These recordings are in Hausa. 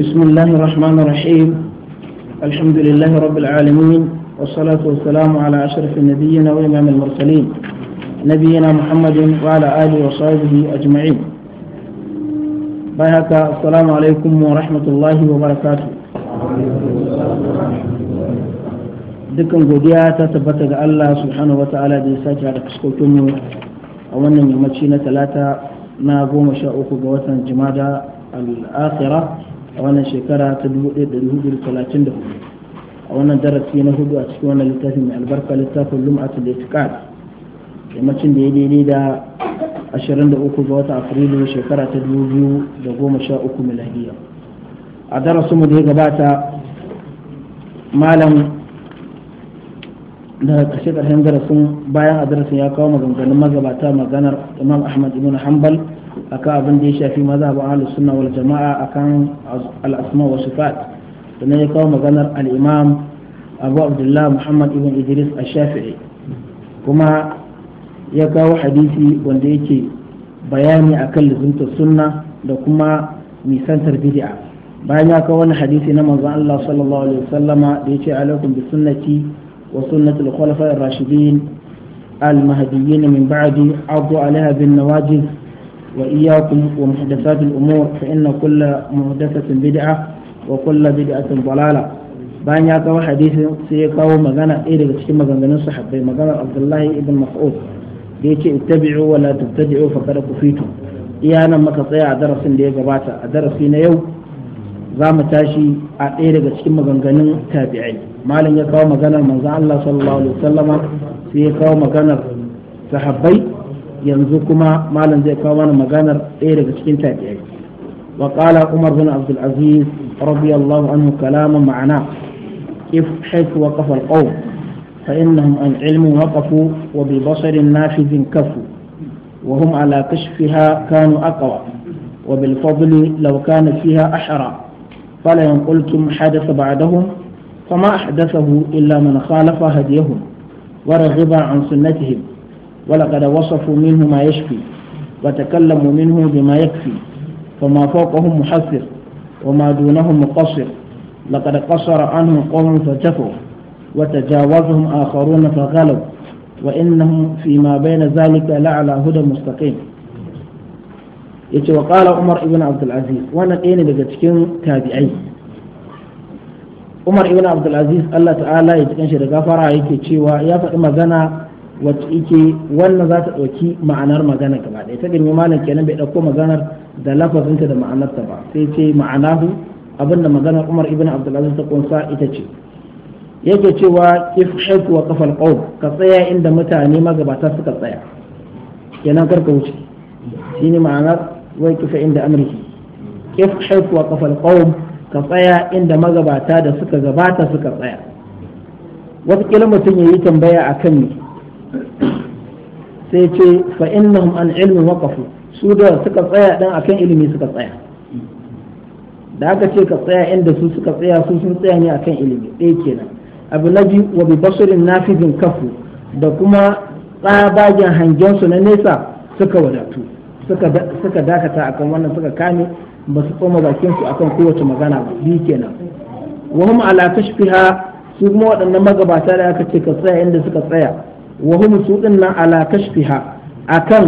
بسم الله الرحمن الرحيم الحمد لله رب العالمين والصلاة والسلام على أشرف النبيين وإمام المرسلين نبينا محمد وعلى آله وصحبه أجمعين بارك السلام عليكم ورحمة الله وبركاته دكم godiya ta الله سبحانه وتعالى دي ساجع ta'ala أولا من sake ثلاثة fuskokinmu a wannan yammaci na talata a wannan shekara ta 1434 a wannan darasi na hudu a cikin wannan littafin mai albarka littafin lum'atul itiqad yammacin da ya daidai da 23 ga wata afrilu shekara ta 2013 miladiya a darasin mu da ya gabata malam da kashe karshen darasin bayan a darasin ya kawo maganganun mazabata maganar imam ahmad ibn hanbal akan abin da ya shafi mazhabin ahlus sunna wal jama'a akan al-asma wa sifat sannan ya kawo maganar al-imam Abu Abdullah Muhammad ibn Idris ash-Shafi'i kuma ya kawo hadisi wanda yake bayani akan lazimtar sunna da kuma nisantar bid'a bayan ya kawo wani hadisi na manzon Allah sallallahu alaihi wasallama da yace alaikum bi sunnati wa sunnati al-khulafa'ir rashidin al-mahdiyyin min ba'di 'addu 'alayha bin nawajid وإياكم ومحدثات الأمور فإن كل محدثة بدعة وكل بدعة ضلالة bayan ya kawo hadisin sai ya kawo magana ɗaya daga cikin maganganun sahabbai maganar abdullahi ibn mas'ud da yake ittabi'u wa la tattabi'u fa kada ku fito iya nan muka tsaya a darasin da ya gabata a darasi na yau za mu tashi a ɗaya daga cikin maganganun tabi'ai malam ya kawo maganar manzon Allah sai ya kawo maganar sahabbai yanzu kuma malam zai kawo mana maganar ɗaya daga cikin tabi'ai wa umar bin abdul aziz radiyallahu anhu kalama ma'ana if hayk wa qafa al qawm fa innahum an ilmu waqafu wa bi basar kafu wa hum ala kashfiha kanu aqwa wa bil fadli law kana fiha ashara fala yanqultum hadatha ba'dahum fama ahdathahu illa man khalafa hadiyahum ورغب عن سنتهم ولقد وصفوا منه ما يشفي وتكلموا منه بما يكفي فما فوقهم محفر وما دونهم مقصر لقد قصر عنهم قوم فجفوا وتجاوزهم آخرون فغلوا وإنهم فيما بين ذلك لعلى هدى مستقيم yace wa qala umar ibn abdul aziz wannan ɗaya ne daga cikin tabi'ai umar ibn abdul aziz Allah ta'ala ya cikin shi da gafara yake cewa ya faɗi magana wacce ike wannan za ta ɗauki ma'anar magana gaba ɗaya ta gani malam kenan bai ɗauko maganar da lafazinta da ma'anarta ba sai ce ma'anahu abinda maganar umar ibn abdulaziz ta kunsa ita ce yake cewa if haiku wa kafal qaum ka tsaya inda mutane magabata suka tsaya kenan karka wuce shine ma'anar wai kifa inda amriki if haiku wa kafal qaum ka tsaya inda magabata da suka gabata suka tsaya wata mutum ya yi tambaya akan me sai ce fa innahum an ilmin waqafu su da suka tsaya dan akan ilimi suka tsaya da aka ce ka tsaya inda su suka tsaya su sun tsaya ne akan ilimi ɗaya kenan abu na bi wa bi basirin nafidin kafu da kuma tsabagen hangen su na nesa suka wadatu suka dakata akan wannan suka kame ba su koma bakin su akan kowace magana ba bi kenan wa hum ala tashbiha su kuma waɗannan magabata da aka ce ka tsaya inda suka tsaya wa hum su ala kashfiha akan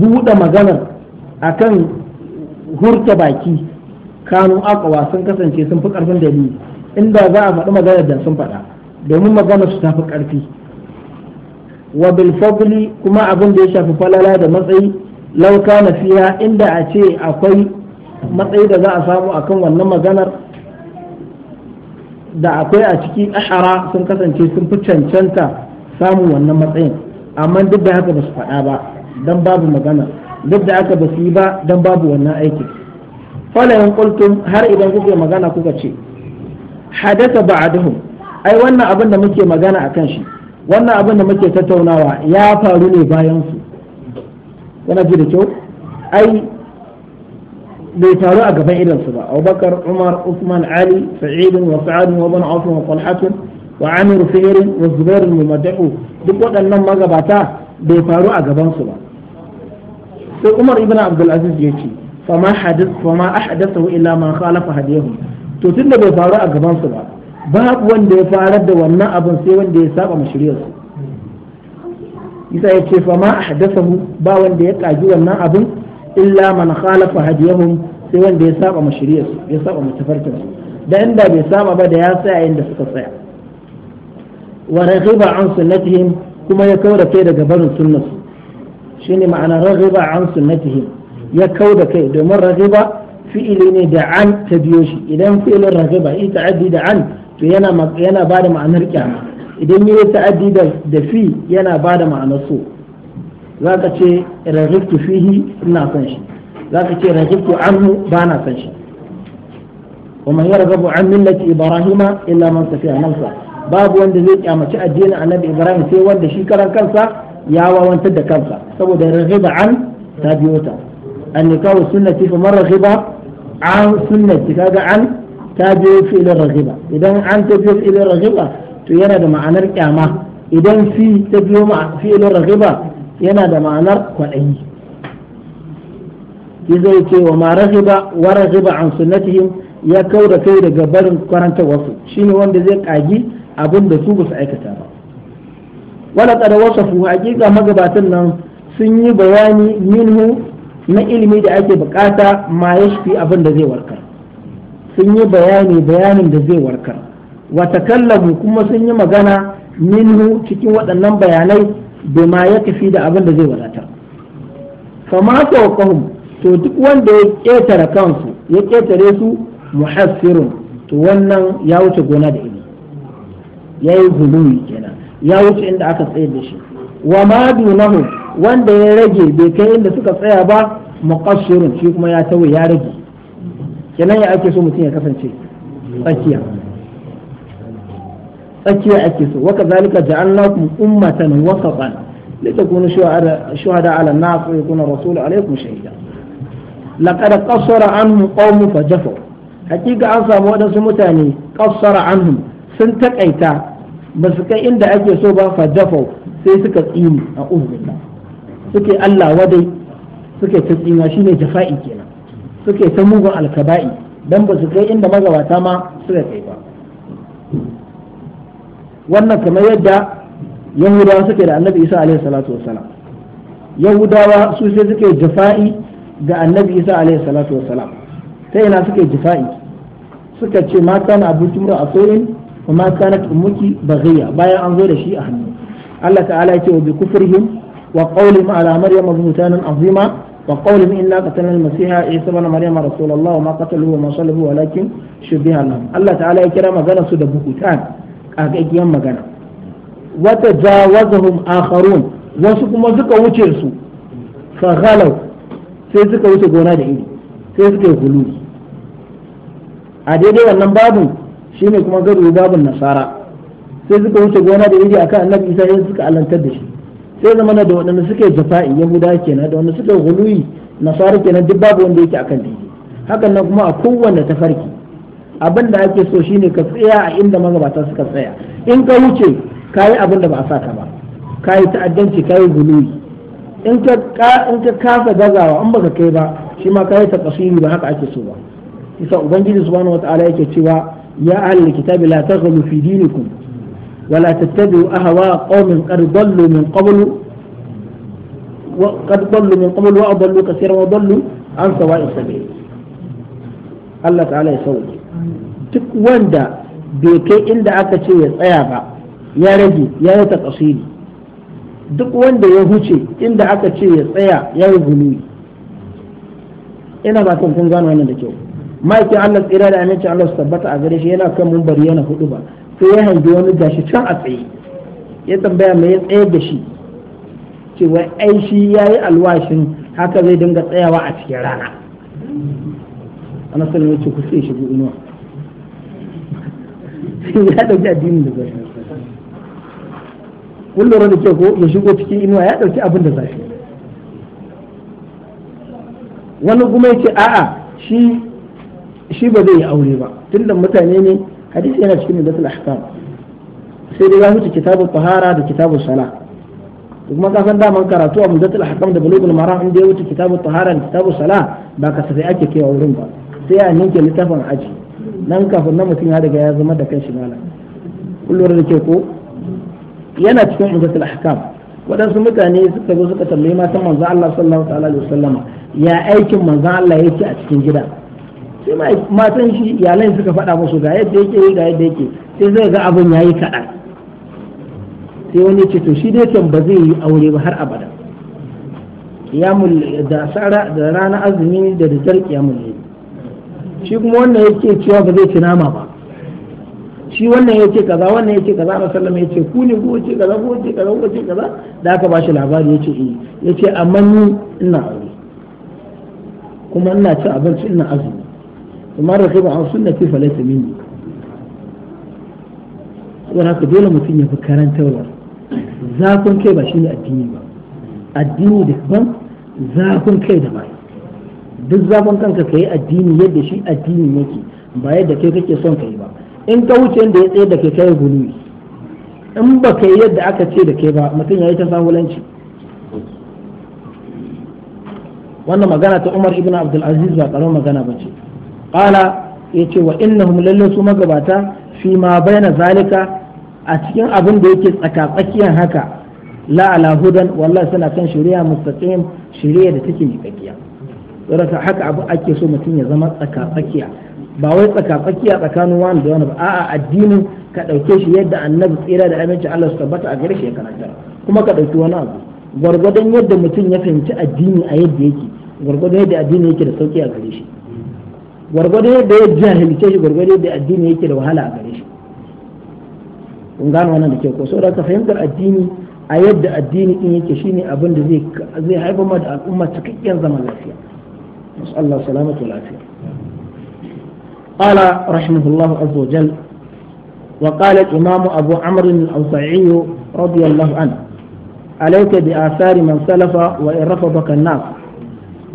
buɗe maganar akan hurta baki kanu aqwa sun kasance sun fi karfin dalili inda za a faɗi maganar da sun faɗa domin maganar su ta fi karfi wa bil fadli kuma abin da ya shafi falala da matsayi lauka kana fiha inda a ce akwai matsayi da za a samu akan wannan maganar da akwai a ciki ahara sun kasance sun fi cancanta samun wannan matsayin amma duk da haka ba su faɗa ba dan babu magana duk da haka ba yi ba dan babu wannan aiki falayan qultum har idan kuke magana kuka ce hadasa ba'aduhum ai wannan abin da muke magana akan shi wannan abin da muke tattaunawa ya faru ne bayan su yana ji da kyau ai bai taru a gaban su ba abubakar umar usman ali sa'id wa sa'ad wa ibn wa talhatun wa amir fi'ir wa zubair al-mumadahu duk waɗannan magabata bai faru a gaban su ba sai Umar ibn Abdul Aziz ya ce fama hadith fama ahdathahu illa ma khalafa hadiyahu to tunda bai faru a gaban su ba babu wanda ya farar da wannan abin sai wanda ya saba mashriyar su isa ya ce fama ahdathahu ba wanda ya kaji wannan abin illa man khalafa hadiyahu sai wanda ya saba mashriyar su ya saba mutafarkin su da inda bai saba ba da ya tsaya inda suka tsaya wa raghiba an sunnatihim kuma ya da kai daga barin sunnarsu shine ma'ana raghiba an sunnatihim ya da kai domin raghiba fi'ili ne da an ta biyo idan fi'ilin raghiba yi ta'addi da an to yana yana bada ma'anar kyama idan yi ta'addi da fi yana bada ma'anar so zaka ce raghibtu fihi ina son shi zaka ce raghibtu anhu ba shi ومن يرغب عن ملة إبراهيم إلا من سفيه نفسه babu wanda zai kyamaci addinin annabi ibrahim sai wanda shi karan kansa ya wawantar da kansa saboda raghiba an ta biyo ta an nikahu sunnati fa man raghiba an sunnati kaga an ta biyo fi'ilin raghiba idan an ta biyo fi'ilin raghiba to yana da ma'anar kyama idan fi ta biyo fi'ilin raghiba yana da ma'anar kwaɗayi zai ce wa ma raghiba wa raghiba an sunnatihim ya kau da kai daga barin wasu shine wanda zai kagi abin da su basu aikata ba wala kada wasafu hakika magabatan nan sun yi bayani minhu na ilimi da ake bukata ma yashfi abin da zai warkar sun yi bayani bayanin da zai warkar wa takallamu kuma sun yi magana minhu cikin waɗannan bayanai ma ya tafi da abin da zai wadatar fama fawqahum to duk wanda ya ƙetare kansu ya ƙetare su muhassirun to wannan ya wuce gona da ilimi ya yi guluwi kenan ya wuce inda aka tsayar da shi wa ma dunahu wanda ya rage bai kai inda suka tsaya ba muqassirun shi kuma ya tawaye ya rage kenan ya ake so mutum ya kasance tsakiya tsakiya ake so waka zalika ja'alnakum ummatan wasatan litakunu shuhada 'ala an-nas wa yakuna rasulu 'alaykum shahida laqad qassara anhum qawmun fajafu hakika an samu wadansu mutane qassara anhum sun takaita ba su kai inda ake so ba fa dafau sai suka tsini a ubinna suke Allah wadai suke ta tsina ne jafa'i kenan suke ta mugun alkaba'i don ba su kai inda magabata ma suka kai ba wannan kamar yadda yahudawa suke da annabi isa alaihi salatu wassalam yahudawa su sai suke jafa'i ga annabi isa alaihi salatu wassalam ta ina suke jifa'i suka ce mata na abu tumra a soyin wa ma kanat ummuki baghiya bayan an zo da shi a hannu Allah ta'ala ya ce wa bi kufrihim wa qawlihim ala maryama bumutanan azima wa qawlihim inna qatalna al-masiha isa ibn maryama rasulullah wa ma qataluhu wa ma salabuhu walakin shubiha lahum Allah ta'ala ya kira magana su da bukutan kagaggiyar magana wata jawazahum akharun wasu kuma suka wuce su fa ghalau sai suka wuce gona da iri sai suka yi hululi a daidai wannan babu Shi ne kuma gado babun nasara sai suka wuce gona da iri akan annabi isa sai suka alantar da shi sai zama na da waɗanda suka yi jafa'i yahuda kenan da wanda suka huluyi nasara kenan duk babu wanda yake akan daidai hakan nan kuma a kowanne tafarki abin da ake so shine ka tsaya a inda magabata suka tsaya in ka wuce ka yi abin da ba a sa ka ba ka yi ta'addanci ka yi huluyi in ka kasa gazawa in baka kai ba shi ma ka yi takasiri ba haka ake so ba isa ubangiji subhanahu wataala yake cewa يا أهل الكتاب لا تغلوا في دينكم ولا تتبعوا أهواء قوم قد ضلوا من قبل وقد ضلوا من قبل وأضلوا كثيرا وضلوا عن سواء السبيل الله تعالى يسوي duk wanda bai kai inda aka ce ya tsaya ba ya rage ya yi takasiri duk wanda ya huce inda aka ce ya tsaya ya yi guluwi ina ba kun gano wannan da kyau ma'aikin Allah tsira da amincin Allah su tabbata a gare shi yana kan mumbari yana hudu ba sai ya hangi wani gashi can a tsaye ya tambaya mai ya tsaye da shi cewa ai shi ya yi alwashin haka zai dinga tsayawa a cikin rana anasar sanar ya ce ku sai shigo inuwa ya ɗauki addinin da zai kun lura da ke ko ya shigo cikin inuwa ya ɗauki abin da zafi wani kuma ya ce a'a shi shi ba zai yi aure ba tunda mutane ne hadisi yana cikin mudatul ahkam sai dai ya huce kitabun fahara da kitabu sala kuma ka san daman karatu a mudatul ahkam da bulugul maram inda ya huce kitabun fahara da kitabu sala ba ka sai ake kaiwa wurin ba sai a ninke littafin aji nan kafin na mutum ya riga ya zama da kan shi malam kullum da ke ko yana cikin mudatul ahkam waɗansu mutane suka zo suka tambayi matan manzo Allah sallallahu alaihi wasallama ya aikin manzo Allah yake a cikin gida sai matan shi iyalai suka faɗa musu ga yadda yake yi ga yadda yake sai zai ga abin yayi kaɗan sai wani ce to shi dai kan ba zai yi aure ba har abada kiyamul da sara da rana azumi da daddar kiyamul ne shi kuma wannan yake cewa ba zai ci nama ba shi wannan yake kaza wannan yake kaza na sallama yace ku ne ku ce kaza ku ce kaza ku ce kaza da aka bashi labari yace eh yace amma ni ina aure kuma ina ci abinci ina azumi amma rakiba an sunnati falaysa minni saboda haka dole mutum ya fi karantarwa zafin kai ba ne addini ba addini daban zafin kai daban duk zafin kanka ka yi addini yadda shi addini ke ba yadda kai kake son ka yi ba in ka wuce yadda ya tsaye da kai kai guluwi in ba ka yi yadda aka ce da kai ba mutum ya yi ta sahulanci wannan magana ta umar ibn abdulaziz ba karamin magana ba ce ya ce wa innahum lalle su magabata fi ma bayana zalika a cikin abin da yake tsakatsakiyar haka la ala hudan wallahi suna kan shari'a mustaqim shari'a da take miƙaƙiya saboda haka abu ake so mutum ya zama tsakatsakiya ba wai tsakatsakiya tsakanin wani da wani ba a'a addinin ka ɗauke shi yadda annabi tsira da aminci Allah su tabbata a gare shi ya karanta kuma ka ɗauki wani abu gwargwadon yadda mutum ya fahimci addini a yadda yake gwargwadon yadda addini yake da sauki a gare shi gwargwado yadda ya jahilce shi gwargwado yadda addini yake da wahala a gare shi kun gano wannan da ke ko saboda ka fahimtar addini a yadda addini din yake shine abin da zai zai haifar ma da al'umma cikakken zaman lafiya Allah salamatu lafiya qala rahimahullahu azza wajal wa qala imam abu amr al-awsa'i radiyallahu anhu alayka bi athari man salafa wa in baka an-nas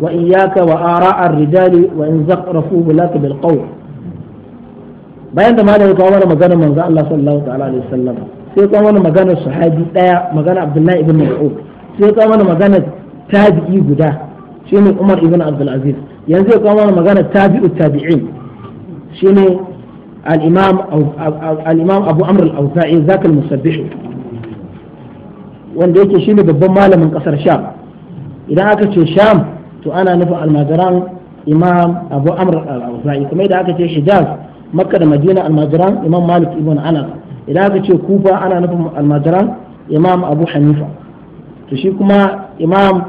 وإياك وآراء الرجال وإن زخرفوا بلاك بالقول bayan da malam ya kawo mana maganar manzo Allah sallallahu ta'ala alaihi wasallam sai kawo mana maganar sahabi daya magana Abdullahi ibn Mas'ud sai kawo mana maganar tabi'i guda shine Umar ibn Abdul Aziz yanzu ya kawo mana maganar tabi'u tabi'in shine al-Imam al-Imam Abu Amr al-Awza'i zakal musabbih wanda yake shine babban malamin kasar Sham idan aka ce Sham to ana nufin almajiran imam abu amr al-awza'i kuma idan aka ce hijaz makka da madina almajiran imam malik ibn anas idan aka ce kufa ana nufin almajiran imam abu hanifa to shi kuma imam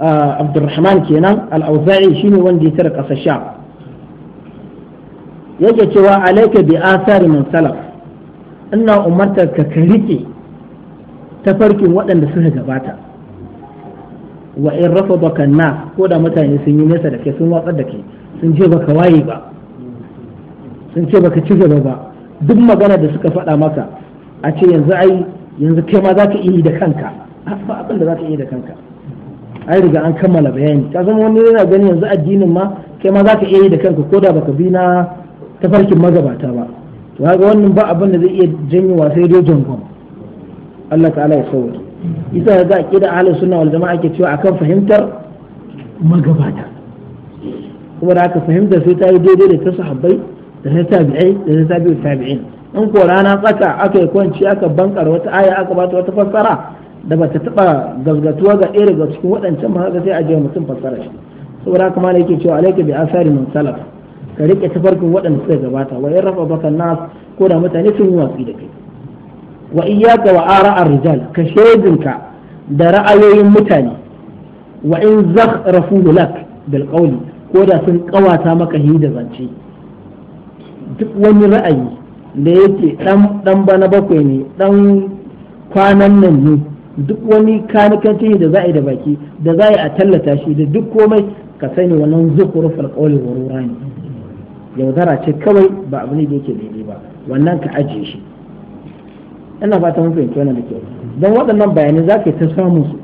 ah, abdurrahman kenan al-awza'i shine wanda ya tara kasa sha yake cewa alaika bi asari man salaf ina umartar ka ka rike tafarkin waɗanda suka gabata wa in baka na ko da mutane sun yi nesa da ke, sun watsar da ke, sun ce baka waye ba sun ce baka ci gaba ba duk magana da suka faɗa maka a ce yanzu ai yanzu kai ma za ka iya da kanka ba abin da za ka iya da kanka ai riga an kammala bayani ka zama wani yana ganin yanzu addinin ma kai ma za ka iya da kanka ko da baka bi na tafarkin magabata ba to ga wannan ba abin da zai iya janyowa sai dai jangon Allah ta'ala ya sauke isa ga da ahalin suna wal jama'a ke cewa akan fahimtar magabata kuma da aka fahimtar sai ta yi daidai da ta sahabbai da ta tabi'ai da ta tabi'u tabi'in in ko rana tsaka aka yi kwanci aka bankar wata aya aka bata wata fassara da ba ta taba gazgatuwa ga ɗaya daga cikin waɗancan ba sai a je mutum fassara shi saboda haka malai yake cewa alaika bi asari min salaf ka rike tafarkin waɗanda suka gabata wa in rafa baka nas ko da mutane sun yi watsi da kai wa iyyaka wa ara'ar rijal ka shaidinka da ra'ayoyin mutane wa in zakhrafu lak bil qawli ko da sun kawata maka hi zance duk wani ra'ayi da yake dan dan bana bakwai ne dan kwanan nan ne duk wani kanikanci da za a yi da baki da za a yi a tallata shi da duk komai ka sani wannan zukurufar qawli warura ne yaudara ce kawai ba abu ne da yake daidai ba wannan ka ajiye shi ina fata mun fahimci wannan da kyau don waɗannan bayanai za ka yi ta samun su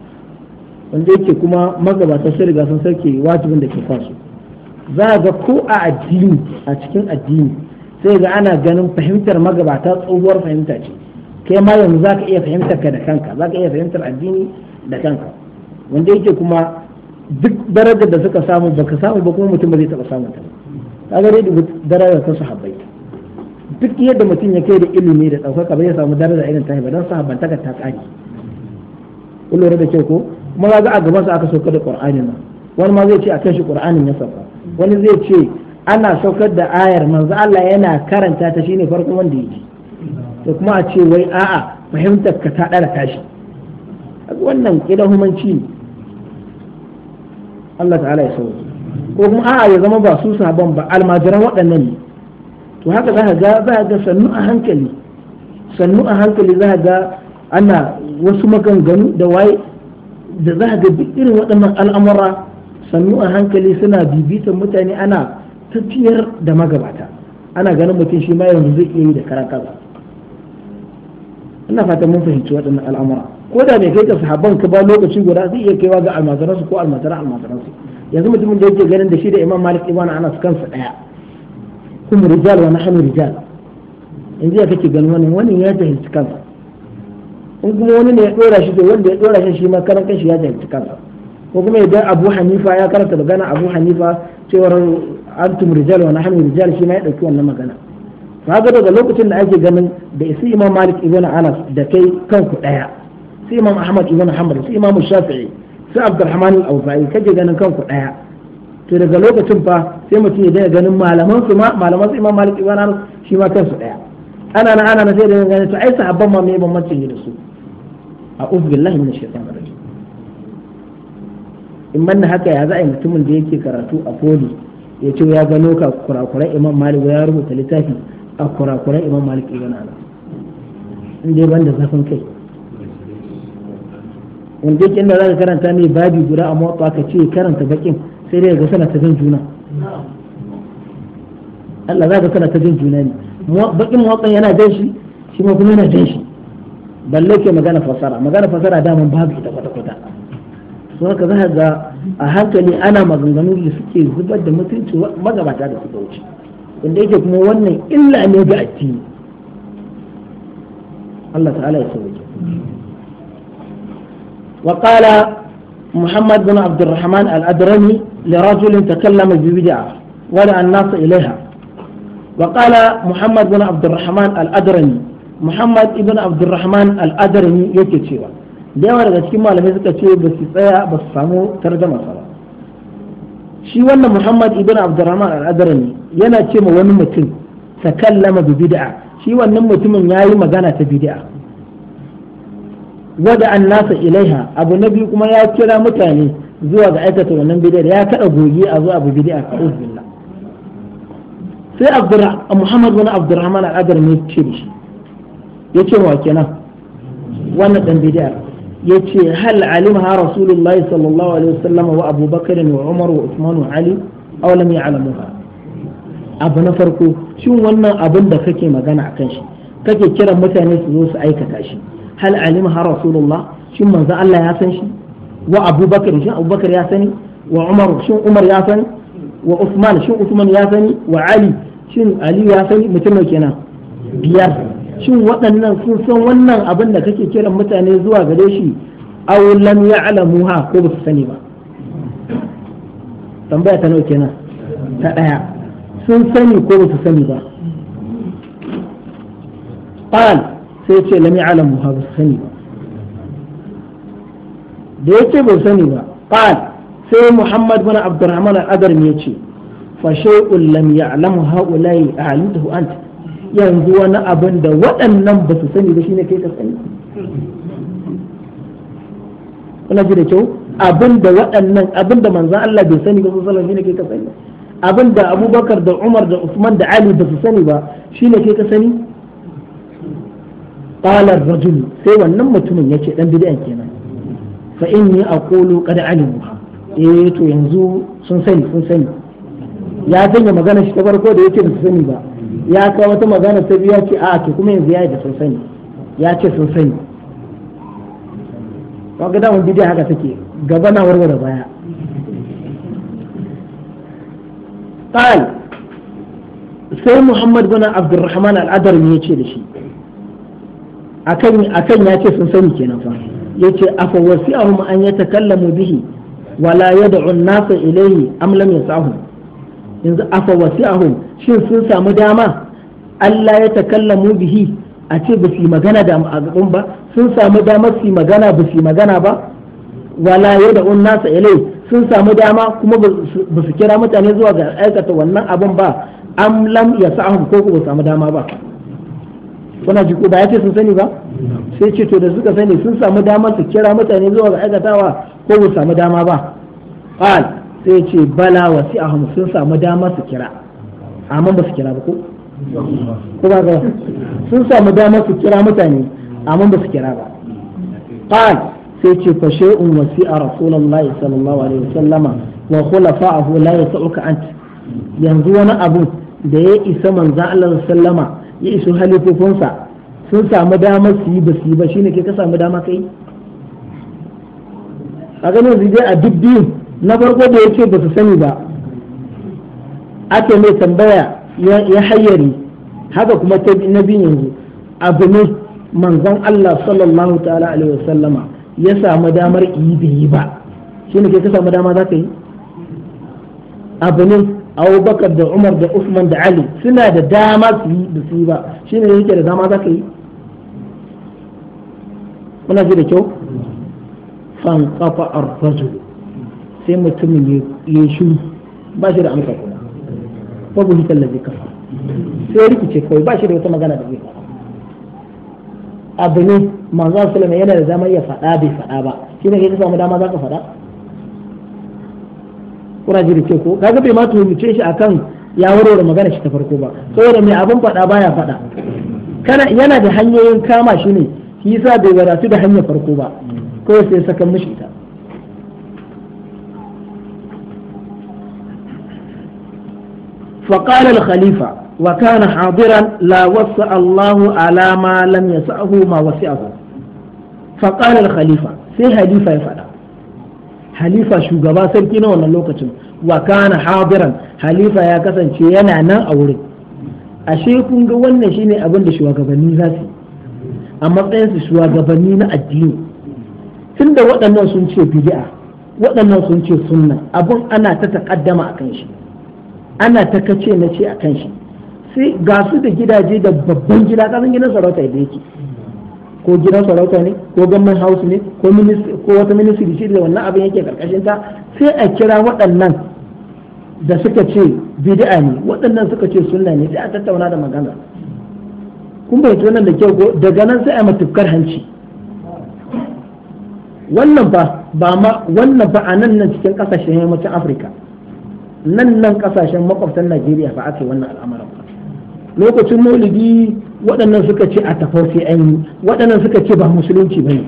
wanda yake kuma magabata sun riga sun sarki wajibin da ke kansu za a ga ko a addini a cikin addini sai ga ana ganin fahimtar magabata tsohuwar fahimta ce kai ma yanzu za ka iya fahimtar ka da kanka za ka iya fahimtar addini da kanka wanda yake kuma duk darajar da suka samu baka samu ba kuma mutum ba zai taɓa samun ta kaga dai darajar ta sahabbai duk yadda mutum ya kai da ilimi da ɗaukaka ba zai samu daraja irin ta ba don sa ban taka ta ƙari kun da kyau ko kuma za a gaban sa aka saukar da qur'ani na. wani ma zai ce a shi qur'anin ya sauka wani zai ce ana saukar da ayar manzo Allah yana karanta ta shine farkon wanda yake to kuma a ce wai a'a fahimtar ka ta dara tashi wannan kidan humanci ne Allah ta'ala ya sauke ko kuma a'a ya zama ba su sahaban ba almajiran waɗannan ne to haka za ga za ga sannu a hankali sannu a hankali za ga ana wasu maganganu da waye da za ga duk irin waɗannan al'amura sannu a hankali suna bibitan mutane ana tafiyar da magabata ana ganin mutum shi ma yanzu zai iya yi da kara kaza ina fatan mun fahimci waɗannan al'amura ko da mai kai ka sahabban ka ba lokaci guda zai iya kaiwa ga almajiransu ko almajira almajiransu yanzu mutumin da yake ganin da shi da imam malik ana su kansa ɗaya hum rijal wa nahnu rijal ya kake ganin wannan wannan ya jahilci kansa in kuma wani ne ya dora shi to wanda ya dora shi shi ma karan kanshi ya jahilci kansa ko kuma idan Abu Hanifa ya karanta magana Abu Hanifa cewar antum rijal wa nahnu rijal shi ma ya dauki wannan magana daga lokacin da ake ganin da su Imam Malik ibn Anas da kai kanku daya su Imam Ahmad ibn Hanbal su Imam Shafi'i su Abdurrahman al-Awza'i kaje ganin kanku daya to daga lokacin fa sai mutum ya daga ganin malaman su ma malaman su imam malik ibn anas shi ma kansu daya ana na ana na sai daga ganin to ai sahabban ma me bambanci ne da su A billahi min shaitanir rajim in manna haka ya zaa mutumin da yake karatu a foli ya ce ya gano ka kurakuran imam malik ya rubuta littafi a kurakuran imam malik ibn anas in dai banda zafin kai wanda yake inda za ka karanta ne babi guda a motsa ka ce karanta bakin sai dai ga suna ta jin juna Allah za ka ta jin juna ne bakin mawaƙan yana jan shi shi ma kuma yana jan shi balle ke magana fasara magana fasara daman babu ita kwata-kwata su haka za ga a hankali ana maganganu da suke zubar da mutunci magabata da suka wuce inda yake kuma wannan illa ne ga addini Allah ta'ala ya sauke wa qala محمد بن عبد الرحمن الأدرمي لرجل تكلم ببدعة ودعا الناس إليها وقال محمد بن عبد الرحمن الأدرمي محمد بن عبد الرحمن الأدرمي da yawa daga cikin malamai suka ce ba su tsaya ba su samu tarjama sa ba shi wannan muhammad ibn abdurrahman al-adrani yana ce ma wani mutum ta kallama bid'a shi wannan mutumin yayi magana ta bid'a wada an nasa ilaiha abu na biyu kuma ya kira mutane zuwa ga aikata wannan bid'ar ya taɗa gogi a zuwa abu bid'a a'udzubillah sai Muhammad bin Abdurrahman al-Adar ne ce da shi ya ce wa kenan wannan dan bid'ar yace hal ha rasulullahi sallallahu alaihi wasallam wa Abu Bakar wa Umar wa Usman wa Ali aw lam ya'lamuha abu na farko shin wannan abin da kake magana a kan shi kake kiran mutane su zo su aikata shi hal alimaha rasulullah shin manzo Allah ya san shi wa abubakar shin abubakar ya sani shin umar ya sani wa usman shin usman ya sani wa ali shin ali ya sani mutum ne biyar shin waɗannan sun san wannan abin da kake kiran mutane zuwa gare shi aw lam ya'lamuha ko su sani ba tambaya ta nawa ta ɗaya sun sani ko su sani ba قال sai ce lam ya'lamu ha ba sani ba da yake ba sani ba qal sai Muhammad bin Abdurrahman al ya ce fa shay'un lam ya'lamu ha'ula'i a'lamtahu anta yanzu wani abin da waɗannan ba su sani ba shine kai ka sani kuna ji da kyau abin da waɗannan abin da manzan Allah bai sani ba sallallahu alaihi shine kai ka sani abin da Abubakar da Umar da Usman da Ali ba su sani ba shine kai ka sani qala ar-rajul sai wannan mutumin yace dan bid'a kenan fa inni aqulu qad alimuha eh to yanzu sun sani sun sani ya sanya magana shi ta farko da yace da su sani ba ya kawo wata magana ta biya ce a to kuma yanzu ya yi da sun sani ya ce sun sani kaga da mun haka take gaba na warware baya قال sai muhammad bin abdurrahman al'adar ne ya ce da shi akan ya ce sun sani kenan fa yace a wasi'ahum an mu bihi wala da an-nasa ilayhi am lam yasahum yanzu a wasi'ahum shin sun samu dama Allah ya takallamu bihi a ce ba su magana da mu ba sun samu dama su magana ba su magana ba wala yad'u an-nasa ilayhi sun samu dama kuma ba su kira mutane zuwa ga aikata wannan abun ba am lam yasahum ko ba samu dama ba kuna jiko ba ya ce sun sani ba sai ce to da suka sani sun samu damar su kira mutane zuwa ga aikatawa ko ba samu dama ba qal sai ce bala wasi'ahum sun samu dama su kira amma ba su kira ba ko ko ba ga sun samu dama su kira mutane amma ba su kira ba qal sai ce fa shay'un wasi'a rasulullahi sallallahu alaihi wasallama wa khulafa'ahu la yas'uka ant yanzu wani abu da ya isa manzo Allah sallama ya iso halifofinsa sun samu damar su yi ba yi ba ne ke ka samu dama kai a ganin dai a duk biyu na farko da ya ce ba su sani ba ake mai tambaya ya hayyari haka kuma ta na biyu yanzu abu ne manzon Allah sallallahu ta'ala alaihi wasallama ya samu damar yi da yi ba shine ke ka samu dama za ka yi abu ne abubakar da umar da usman da ali suna da dama su yi da su yi ba shi ne yake da dama za ka yi kuna ji da kyau fan kafa arfazu sai mutumin ya shiru ba shi da amsa kuma ko bu hitar lafi kafa sai rikice kawai ba shi da wata magana da zai faɗa abu ne manzo sallama yana da dama ya faɗa bai faɗa ba shi ne ya samu dama za ka faɗa kuna ji ke ko kaga bai ma tuhumce shi akan ya warware magana shi ta farko ba saboda mai abin faɗa baya faɗa kana yana da hanyoyin kama shi ne shi yasa bai wadatu da hanyar farko ba kawai sai saka mishi ta فقال الخليفة وكان حاضرا لا وسع الله على ما لم يسعه ما وسعه فقال الخليفة sai halifa ya faɗa halifa shugaba sarki na wannan lokacin wa kana hadiran halifa ya kasance yana nan a wurin ashe kun ga wannan shine abin da shugabanni za su a matsayin su shugabanni na addini tunda waɗannan sun ce bid'a waɗannan sun ce sunna abun ana ta takaddama akan shi ana ta kace na ce akan shi sai ga su da gidaje da babban gida kasan gidan sarauta da yake ko gidan sarauta ne ko government house ne ko ko wata ministry shi da wannan abin yake karkashin ta sai a kira waɗannan da suka ce bid'a ne waɗannan suka ce sunna ne sai a tattauna da magana kun bai tunan da kyau ko daga nan sai a matukar hanci wannan ba ba ma wannan ba a nan nan cikin kasashen yammacin Afirka nan nan kasashen makwabtan Najeriya ba ake wannan al'amarin lokacin maulidi waɗannan suka ce a tafau an yi waɗannan suka ce ba musulunci ba ne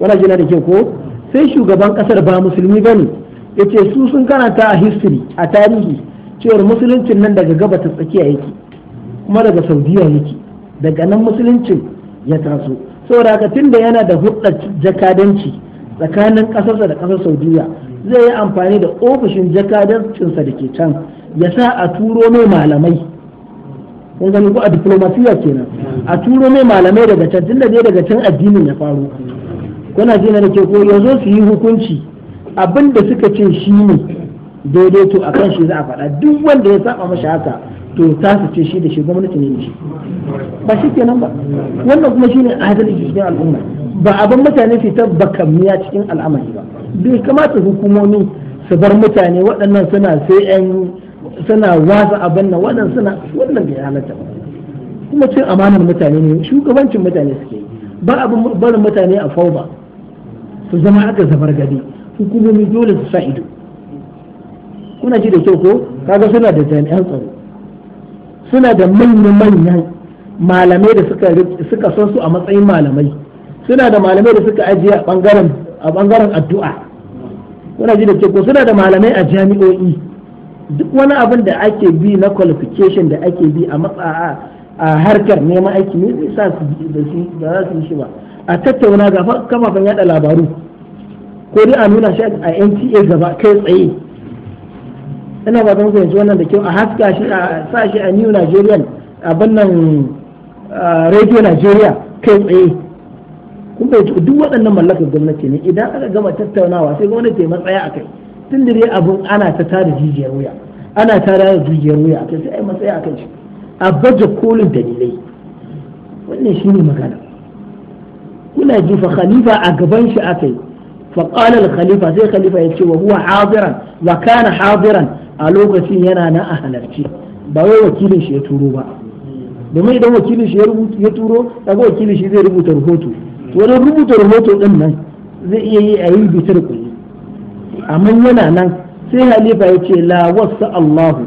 wani da ke ko sai shugaban ƙasar ba musulmi ba ne ya ce su sun karanta a history a tarihi cewar musuluncin nan daga gaba ta tsakiya yake kuma daga saudiya yake daga nan musuluncin ya taso saboda haka tunda yana da hudda jakadanci tsakanin ƙasarsa da ƙasar saudiya zai yi amfani da ofishin jakadancinsa da ke can ya sa a turo mai malamai kun gani ko a diplomasiya kenan a turo mai malamai daga can tun da dai daga can addinin ya faru kuna ji na ke ko yanzu su yi hukunci abin da suka ce shi ne daidai to kan shi za a faɗa duk wanda ya saba masa haka to ta su ce shi da shi gwamnati ne shi ba shi kenan ba wannan kuma shine adalci cikin al'umma ba abin mutane fita kamiya cikin al'amari ba bai kamata hukumomi su bar mutane waɗannan suna sai 'yan suna watsa abin nan wannan suna wannan ya halatta kuma cin amanar mutane ne shugabancin mutane suke ba abin barin mutane a ba su zama aka zafar gadi hukumomi dole su sa ido kuna ji da kyau ko kaga suna da jami'an tsaro suna da manya-manyan malamai da suka suka son su a matsayin malamai suna da malamai da suka ajiye a bangaren a bangaren addu'a kuna ji da kyau ko suna da malamai a jami'o'i duk wani abin da ake bi na qualification da ake bi a matsa a harkar neman aiki ne zai sa su da shi da za su yi shi ba a tattauna ga kafafen yada labaru ko dai a nuna shi a NTA gaba kai tsaye ina ba zan fahimci wannan da kyau a haska shi a sa shi a New Nigerian abin nan Radio Nigeria kai tsaye kun bai duk waɗannan mallakar gwamnati ne idan aka gama tattaunawa sai gwamnati ya matsaya a kai tun da dai abun ana ta tara jijiyar wuya ana tara da jijiyar wuya akai sai ai matsayi akan shi a baje kolin dalilai wannan shine magana kuna jifa khalifa a gaban shi akai fa qala al khalifa sai khalifa yace wa huwa hadiran wa kana hadiran a lokacin yana na a halarci ba wai wakilin shi ya turo ba domin idan wakilin shi ya turo daga wakilin shi zai rubuta rahoto to wani rubuta rahoto din nan zai iya yi a yi bitar kulli amma yana nan sai halifa ya ce la wasa Allahu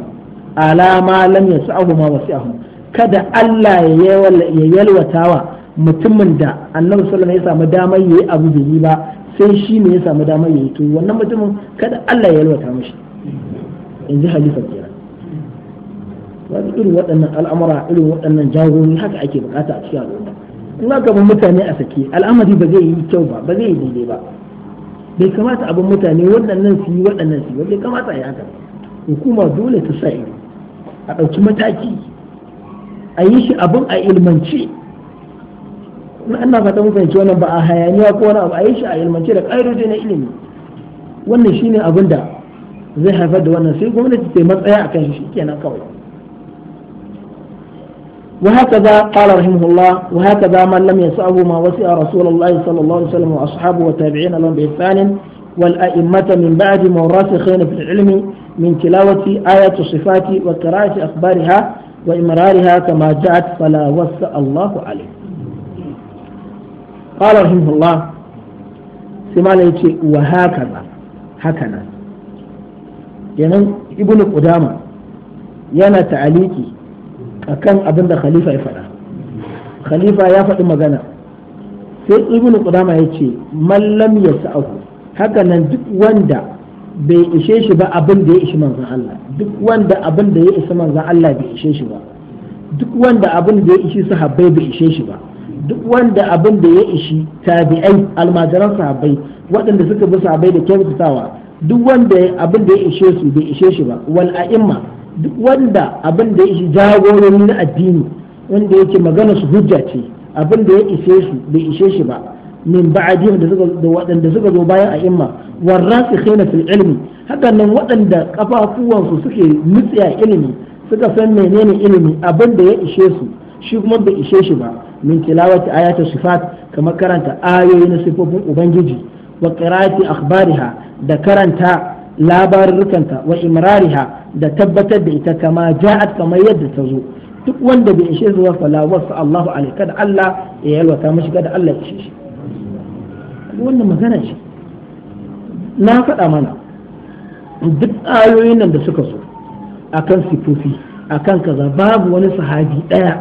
ala ma lam yas'ahu ma wasi'ahu kada Allah ya yalwatawa mutumin da annabi sallallahu ya samu damar yayi abu bai yi ba sai shi ne ya samu damar yayi to wannan mutumin kada Allah ya yalwata mishi in ji halifa kenan wani irin waɗannan al'amura irin waɗannan jagorori haka ake bukata a cikin al'umma in aka mutane a sake al'amari ba zai yi kyau ba ba zai yi daidai ba bai kamata abin mutane waɗannan su yi waɗannan su yi bai kamata ya haka hukuma dole ta sa ido a ɗauki mataki a yi shi abin a ilmance na ana fata mun fahimci wannan ba a hayaniya ko wani abu a yi shi a ilmance da ƙa'idoji na ilimi wannan shine abin da zai haifar da wannan sai gwamnati ta matsaya akan shi kenan kawai وهكذا قال رحمه الله وهكذا من لم يسعه ما وسع رسول الله صلى الله عليه وسلم وأصحابه وتابعين لهم بإحسان والأئمة من بعد والراسخين في العلم من تلاوة آية الصفات وقراءة أخبارها وإمرارها كما جاءت فلا وسع الله عليه قال رحمه الله سمال يتي وهكذا هكذا يعني ابن قدامة yana تعليكي akan abin da khalifa ya faɗa khalifa ya faɗi magana sai ibn qudama ya ce mallam ya sa'ahu haka nan duk wanda bai ishe shi ba abin da ya ishi manzan Allah duk wanda abin da ya isa manzan Allah bai ishe shi ba duk wanda abin da ya ishi sahabbai bai ishe shi ba duk wanda abin da ya ishi tabi'ai almajiran sahabbai waɗanda suka bi sahabbai da kyautatawa duk wanda abin da ya ishe su bai ishe shi ba wal a'imma duk wanda abin da yake jagorori na addini wanda yake magana su hujja ce abin da ya ishe su bai ishe shi ba min ba'adihim da suka da waɗanda suka zo bayan a'imma warasikhina fil ilmi hakan nan waɗanda kafafuwan su suke mutsiya ilimi suka san menene ilimi abin da ya ishe su shi kuma bai ishe shi ba min tilawati ayati sifat kamar karanta ayoyi na sifofin ubangiji wa qira'ati akhbariha da karanta labarurkanta wa imrariha da tabbatar da ita kama ja'at kamar yadda ta zo duk wanda bai ishe zuwa fala wasu Allahu alaihi kada Allah ya yalwata mashi kada Allah ya ishe shi wannan magana ce na faɗa mana duk ayoyin nan da suka so akan sifofi akan kaza babu wani sahabi ɗaya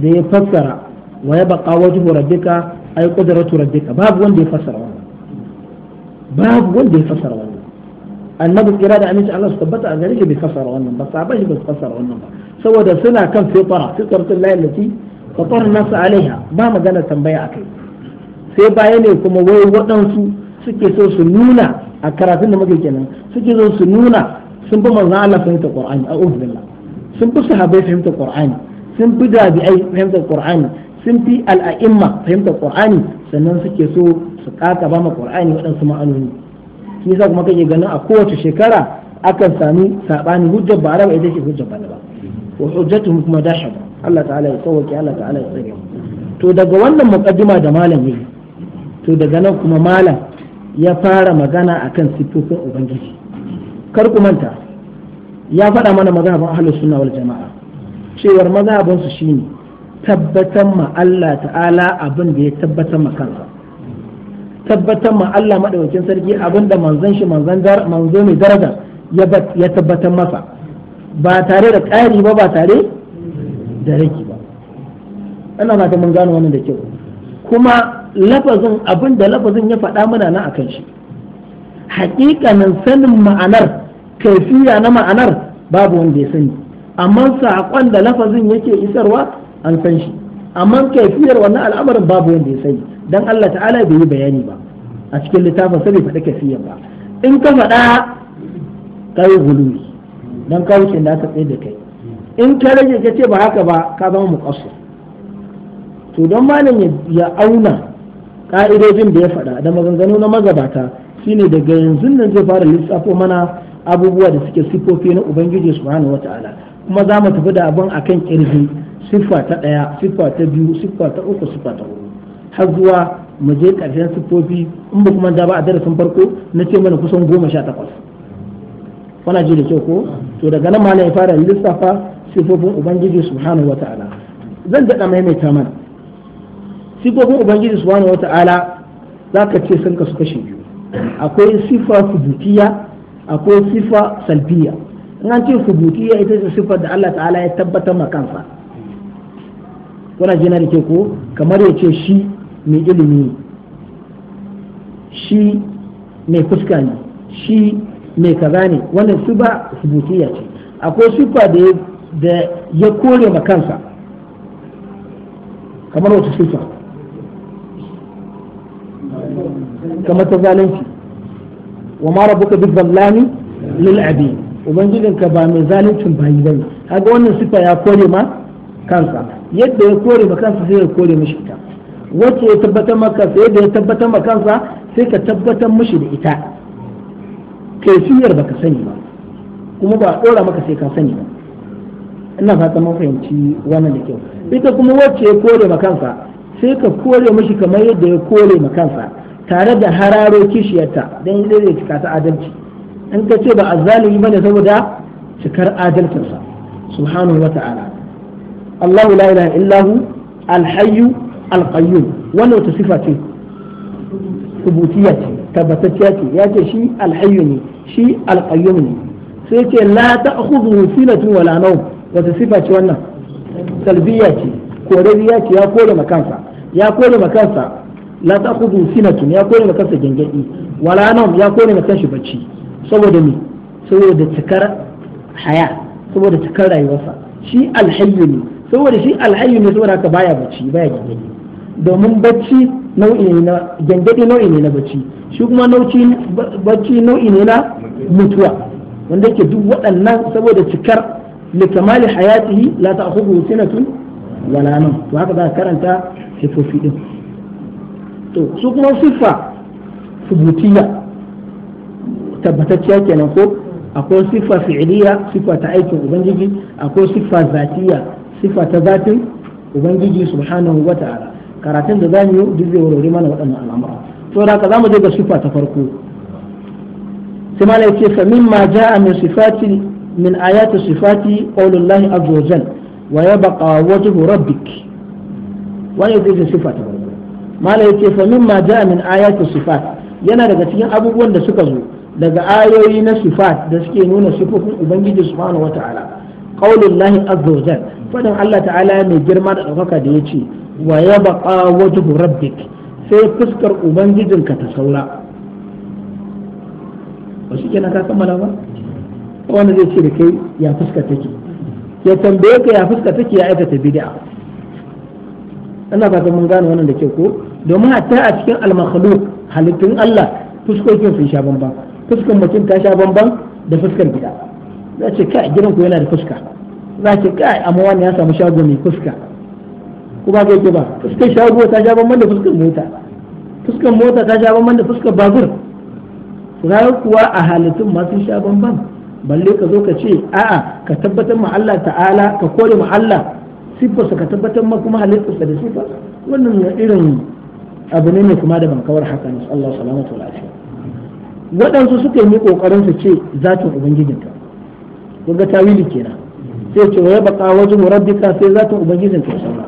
da ya fassara wa ya baka wajibu rabbika ay qudratu rabbika babu wanda ya fassara wannan babu wanda ya fassara wannan annabi kira da aminci Allah su tabbata a gare shi bai fassara wannan ba sahabbai shi ba su fassara wannan ba saboda suna kan fitara fitratul lahi allati fatara nasu alaiha ba magana tambaya akai sai baya ne kuma wai waɗansu suke so su nuna a karatun da muke kenan suke so su nuna sun fi manzon Allah fahimta Qur'ani a'udhu billah sun fi sahabbai fahimta Qur'ani sun fi dabi'ai fahimta Qur'ani sun fi al'a'imma fahimtar qur'ani sannan suke so su kaka ba ma qur'ani waɗansu ma'anoni shi yasa kuma kake ganin a kowace shekara akan sami sabani hujjar ba araba idan ke hujjar ba ba wa hujjatuhum kuma dashaba Allah ta'ala ya ke, Allah ta'ala ya tsare to daga wannan muqaddima da malam yayi to daga nan kuma malam ya fara magana akan sifofin ubangiji kar ku manta ya faɗa mana mazhabin ahlus sunna wal jama'a cewar mazhabin su shine tabbatar ma Allah ta'ala abin da ya tabbatar ma kansa tabbatar ma Allah madaukakin sarki abin da manzon shi manzo mai daraja ya tabbatar masa ba tare da ƙari ba ba tare da rage ba ana mata mun gano wannan da kyau kuma lafazin abin da lafazin ya faɗa mana nan akan shi haƙiƙanin sanin ma'anar kaifiya na ma'anar babu wanda ya sani amma saƙon da lafazin yake isarwa an san shi amma kaifiyar wannan al'amarin babu wanda ya sani dan Allah ta'ala bai yi bayani ba a cikin littafin sai bai faɗi kaifiyar ba in ka faɗa kai guluwi dan ka wuce da aka tsaye da kai in ka rage ka ce ba haka ba ka zama muqassir to don malam ya auna ka'idojin da ya faɗa da maganganu na magabata shine daga yanzu nan zai fara lissafo mana abubuwa da suke sifofi na ubangiji subhanahu wataala kuma za mu tafi da abin akan kirji siffa ta ɗaya siffa ta biyu siffa ta uku siffa ta hudu har zuwa mu je ƙarshen siffofi in ba kuma da ba a darasin farko na ce mana kusan goma sha takwas wana ji da kyau ko to daga nan malam ya fara lissafa siffofin ubangiji subhanahu wa ta'ala zan daɗa maimaita mana siffofin ubangiji subhanahu wa ta'ala za ka ce sun kasu kashi biyu akwai siffa fubutiya akwai siffa salbiya in an ce fubutiya ita ce sifar da Allah ta'ala ya tabbatar ma kansa kuna yana da ke ko kamar ya ce shi mai ilimi shi mai fuska ne shi mai kaza ne wannan su ba ya ce akwai sufa da ya kore ma kansa kamar wata sufa kamar ta zalunci wa mara buka duk zallami lil abi ubangijinka ba mai zaluncin bayi bane haka wannan sufa ya kore ma kansa yadda ya kore ba kansa sai ya kore mishi ita wacce ya tabbatar maka kansa yadda ya tabbatar ma kansa sai ka tabbatar mishi da ita kaifiyar baka sani ba kuma ba a dora maka sai ka sani ba ina fata mun fahimci wannan da kyau ita kuma wacce ya kore ma kansa sai ka kore mishi kamar yadda ya kore ma kansa tare da hararo kishiyarta don yi zai cika ta adalci in ka ce ba azzalimi bane saboda cikar adalcinsa subhanahu wa ta'ala Allahu la ilaha illahu alhayyu alqayyum wannan wata sifa ce rubutiya ya ce shi alhayyu ne shi alqayyum ne sai ce la ta'khudhuhu sinatun wala nawm wata sifa ce wannan salbiya ce korariya ce ya kore makansa ya kore makansa la ta'khudhuhu sinatun ya kore makansa gengedi wala nawm ya kore bacci saboda saboda cikar haya saboda cikar rayuwarsa shi alhayyu ne saboda shi alhayyu ne saboda haka baya bacci baya gangadi domin bacci nau'i ne na gangadi nau'i ne na bacci shi kuma nau'i bacci nau'i ne na mutuwa wanda yake duk waɗannan saboda cikar likamali hayatihi la ta'khudhu sinatun wala nawm to haka za ka karanta sifofi din to su kuma siffa subutiya tabbatacciya kenan ko akwai siffa fi'iliya siffa ta aikin ubangiji akwai siffa zatiya sifa ta zatin ubangiji subhanahu wa ta'ala karatun da zamu yi duk zai warware mana waɗannan al'amura to da ka zamu je ga sifa ta farko sai malai ce fa mimma ja'a min sifati min ayati sifati qaulullahi azza wa jalla wa yabqa wajhu rabbik wani zai je sifa ta farko malai ce fa mimma ja'a min ayati sifat yana daga cikin abubuwan da suka zo daga ayoyi na sifat da suke nuna sifofin ubangiji subhanahu wa ta'ala qaulullahi azza wa jalla fadin Allah ta'ala mai girma da ɗaukaka da ya ce wa ya baƙa wajen rabbik sai fuskar ubangijinka ta saura ba shi kenan ka kammala ba wanda zai ce da kai ya fuska take ya tambaye ka ya fuska take ya aikata bid'a ana fata mun gane wannan da ke ko domin hatta a cikin al-makhluq halittun Allah fuskokin sun sha bamban fuskar mutum ta sha bamban da fuskar gida za ce kai gidan ku yana da fuska za ki kai amma wani ya samu shago mai fuska ko ba ga ba fuskar shago ta ja ban da fuskar mota fuskar mota ta ja ban da fuskar babur ga kuwa a halittun masu sha bamban balle ka zo ka ce a'a ka tabbatar ma Allah ta'ala ka kore ma Allah siffarsa ka tabbatar ma kuma halittarsa da sifar wannan irin abu ne ne kuma da bankawar haka ne Allah salamatu wa lafiya waɗansu suka yi ƙoƙarin su ce zatin ubangijinka ga tawili kenan sai ce waya baka wajen rabbika sai zatin ubangijin ka saura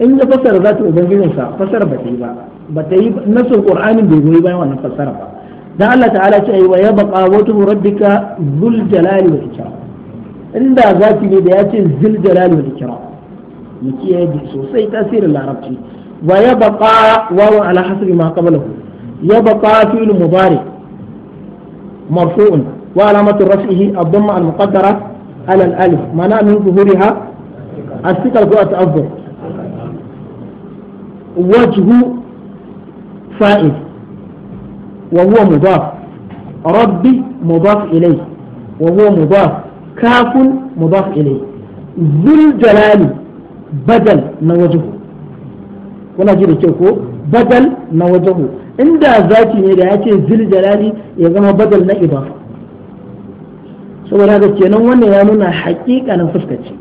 in ya fasara zatin ubangijin sa fasara ba ta yi ba ba ta yi nasul qur'anin bai goyi bayan wannan fasara ba dan Allah ta'ala ce ai waya baka wajen rabbika zul jalali wa ikram inda zaki ne da ya ce zul jalali wal ikram mu kiyaye sosai tasirin larabci waya baka wawan ala hasbi ma qablahu يبقى فعل مضارع مرفوع وعلامة رفعه الضمة المقدرة على الألف معناها من ظهورها السكه القرآن تأذر وجه فائز وهو مضاف ربي مضاف إليه وهو مضاف كاف مضاف إليه ذو الجلال بدل نوجه ولا جيب الشوكو بدل نوجه عند ذاتي إذا أتي ذو الجلال يظهر بدل اضافه saboda haka kenan wannan ya nuna hakikanin fuska ce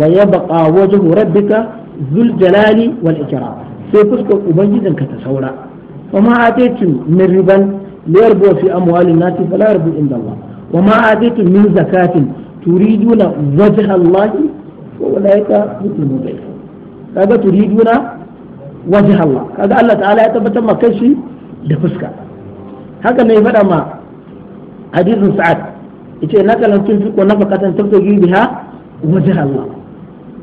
wa ya baqa wajhu rabbika zul jalali wal ikram sai fuskar ka ta saura وما آتيتم من ربا ليربو في أموال الناس فلا يربو عند الله وما آتيتم من زكاة تريدون وجه الله فأولئك مثل المضيف kaga turiduna wajh Allah kaga Allah ta'ala ya tabbatar maka shi da fuska haka ne ya faɗa ma hadisin sa'ad yace naka lan tunfiqu nafaqatan tabtagi biha wajha Allah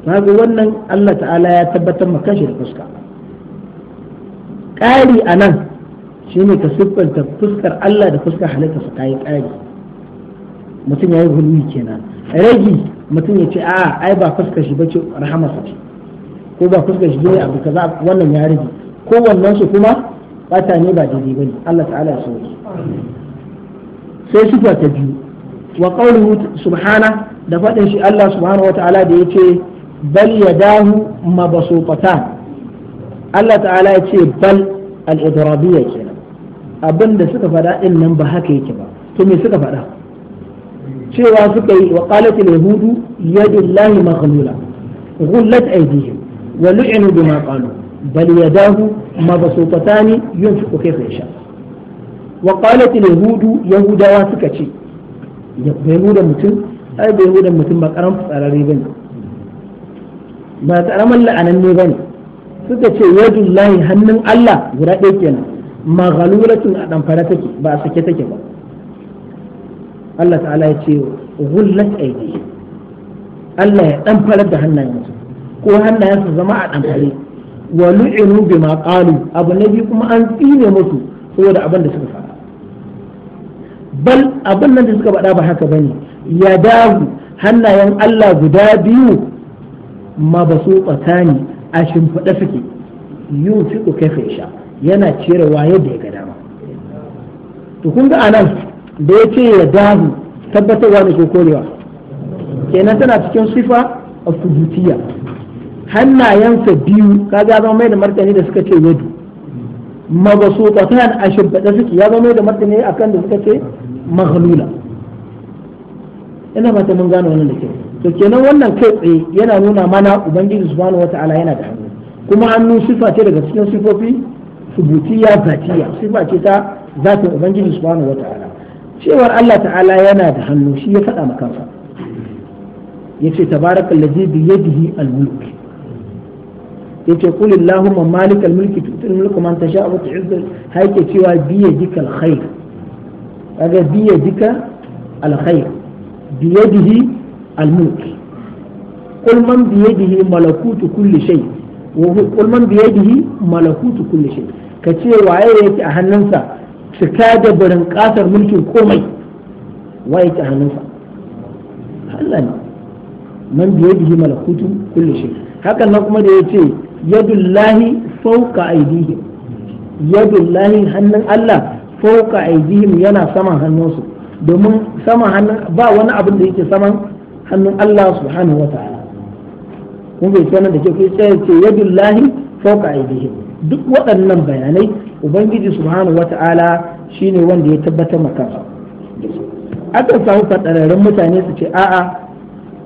ga wannan Allah ta'ala ya tabbatar maka shi da fuska ƙari a nan shine ka siffanta fuskar Allah da fuskar halitta su kayi ƙari mutum ya yi hulwi kenan ragi mutum ya ce a ai ba fuskar shi bace rahamarsa ce ko ba fuskar shi ne abu kaza wannan ya rage ko wannan su kuma bata ne ba daidai bane Allah ta'ala ya sauke sai sifa ta biyu wa subhana da faɗin shi Allah subhanahu wa ta'ala da yace bal yadahu mabsuqatan Allah ta'ala yace bal al-idrabiyya kenan abinda suka faɗa din nan ba haka yake ba to suka faɗa cewa suka yi wa qalat al-yahudu yadullahi maghlula ghullat aydihim wa lu'inu bima qalu bal yadahu mabsuqatan yunfiqu kayfa yasha wa qalat al-yahudu yahudawa suka ce bai hudan mutum ai bai hudan mutum ba karam ba bane ba karaman la'ananne bane suka ce yadullahi hannun Allah guda ɗaya kenan maghalulatun a damfara take ba a sake take ba Allah ta'ala ya ce gullat aidi Allah ya fara da hannayen mutum ko hannayen su zama a damfare wa lu'inu bima qalu abu na biyu kuma an tsine musu saboda abin da suka faɗa bal abin nan da suka faɗa ba haka bane ya dahu hannayen Allah guda biyu ma ba su tsakani a shimfiɗa suke yunfiqu kaifa sha yana cire wa yadda ya ga dama to kun ga anan da ya ce ya dahu tabbatarwa ne ko korewa kenan tana cikin sifa a fujitiya hannayensa biyu kaga zama mai da martani da suka ce Ma ba yadu ne a shimfiɗa suke ya zama mai da martani akan da suka ce mahalula ina fata mun gano wannan da kyau to kenan wannan kai tsaye yana nuna mana ubangiji subhanahu wataala yana da hannu kuma hannu sifa ce daga cikin sifofi subutiya zatiya sifa ce ta zatin ubangiji subhanahu wataala cewar Allah ta'ala yana da hannu shi ya faɗa ma kansa yace tabarakal ladzi bi yadihi al-mulk yace qul allahumma malikal mulki tu'til mulka man tasha'u wa tu'izzu hayke cewa bi yadikal khair kaga biya jika alkhair biyadihi almulk qul man biyadihi malakutu kulli shay wa qul man biyadihi malakutu kulli shay kace waye yake a hannunsa cika da barin kasar mulkin komai waye yake a hannunsa Allah ne man biyadihi malakutu kulli shay hakan nan kuma da yace yadullahi fawqa aydihim yadullahi hannun Allah fauka aidihim yana saman hannunsu domin saman hannun ba wani abin da yake saman hannun Allah subhanahu wa ta'ala kun bai sanar da ke kai ya ce yadullahi fauka aidihim duk waɗannan bayanai ubangiji subhanahu wa ta'ala shine wanda ya tabbatar maka akan samu fadararren mutane su ce a'a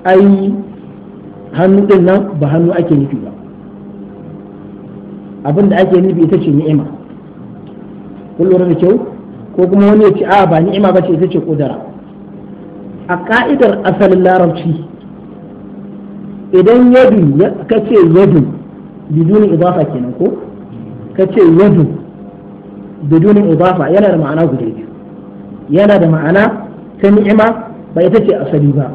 ai hannu din nan ba hannu ake nufi ba abin da ake nufi ita ce ni'ima kun da kyau ko kuma wani ya ce a ba ni'ima ba ce ita ce kudara a ka'idar asalin larabci idan yadu ka ce yadu bidunin idafa kenan ko ka ce yadu bidunin idafa yana da ma'ana guda biyu yana da ma'ana ta ni'ima ba ita ce asali ba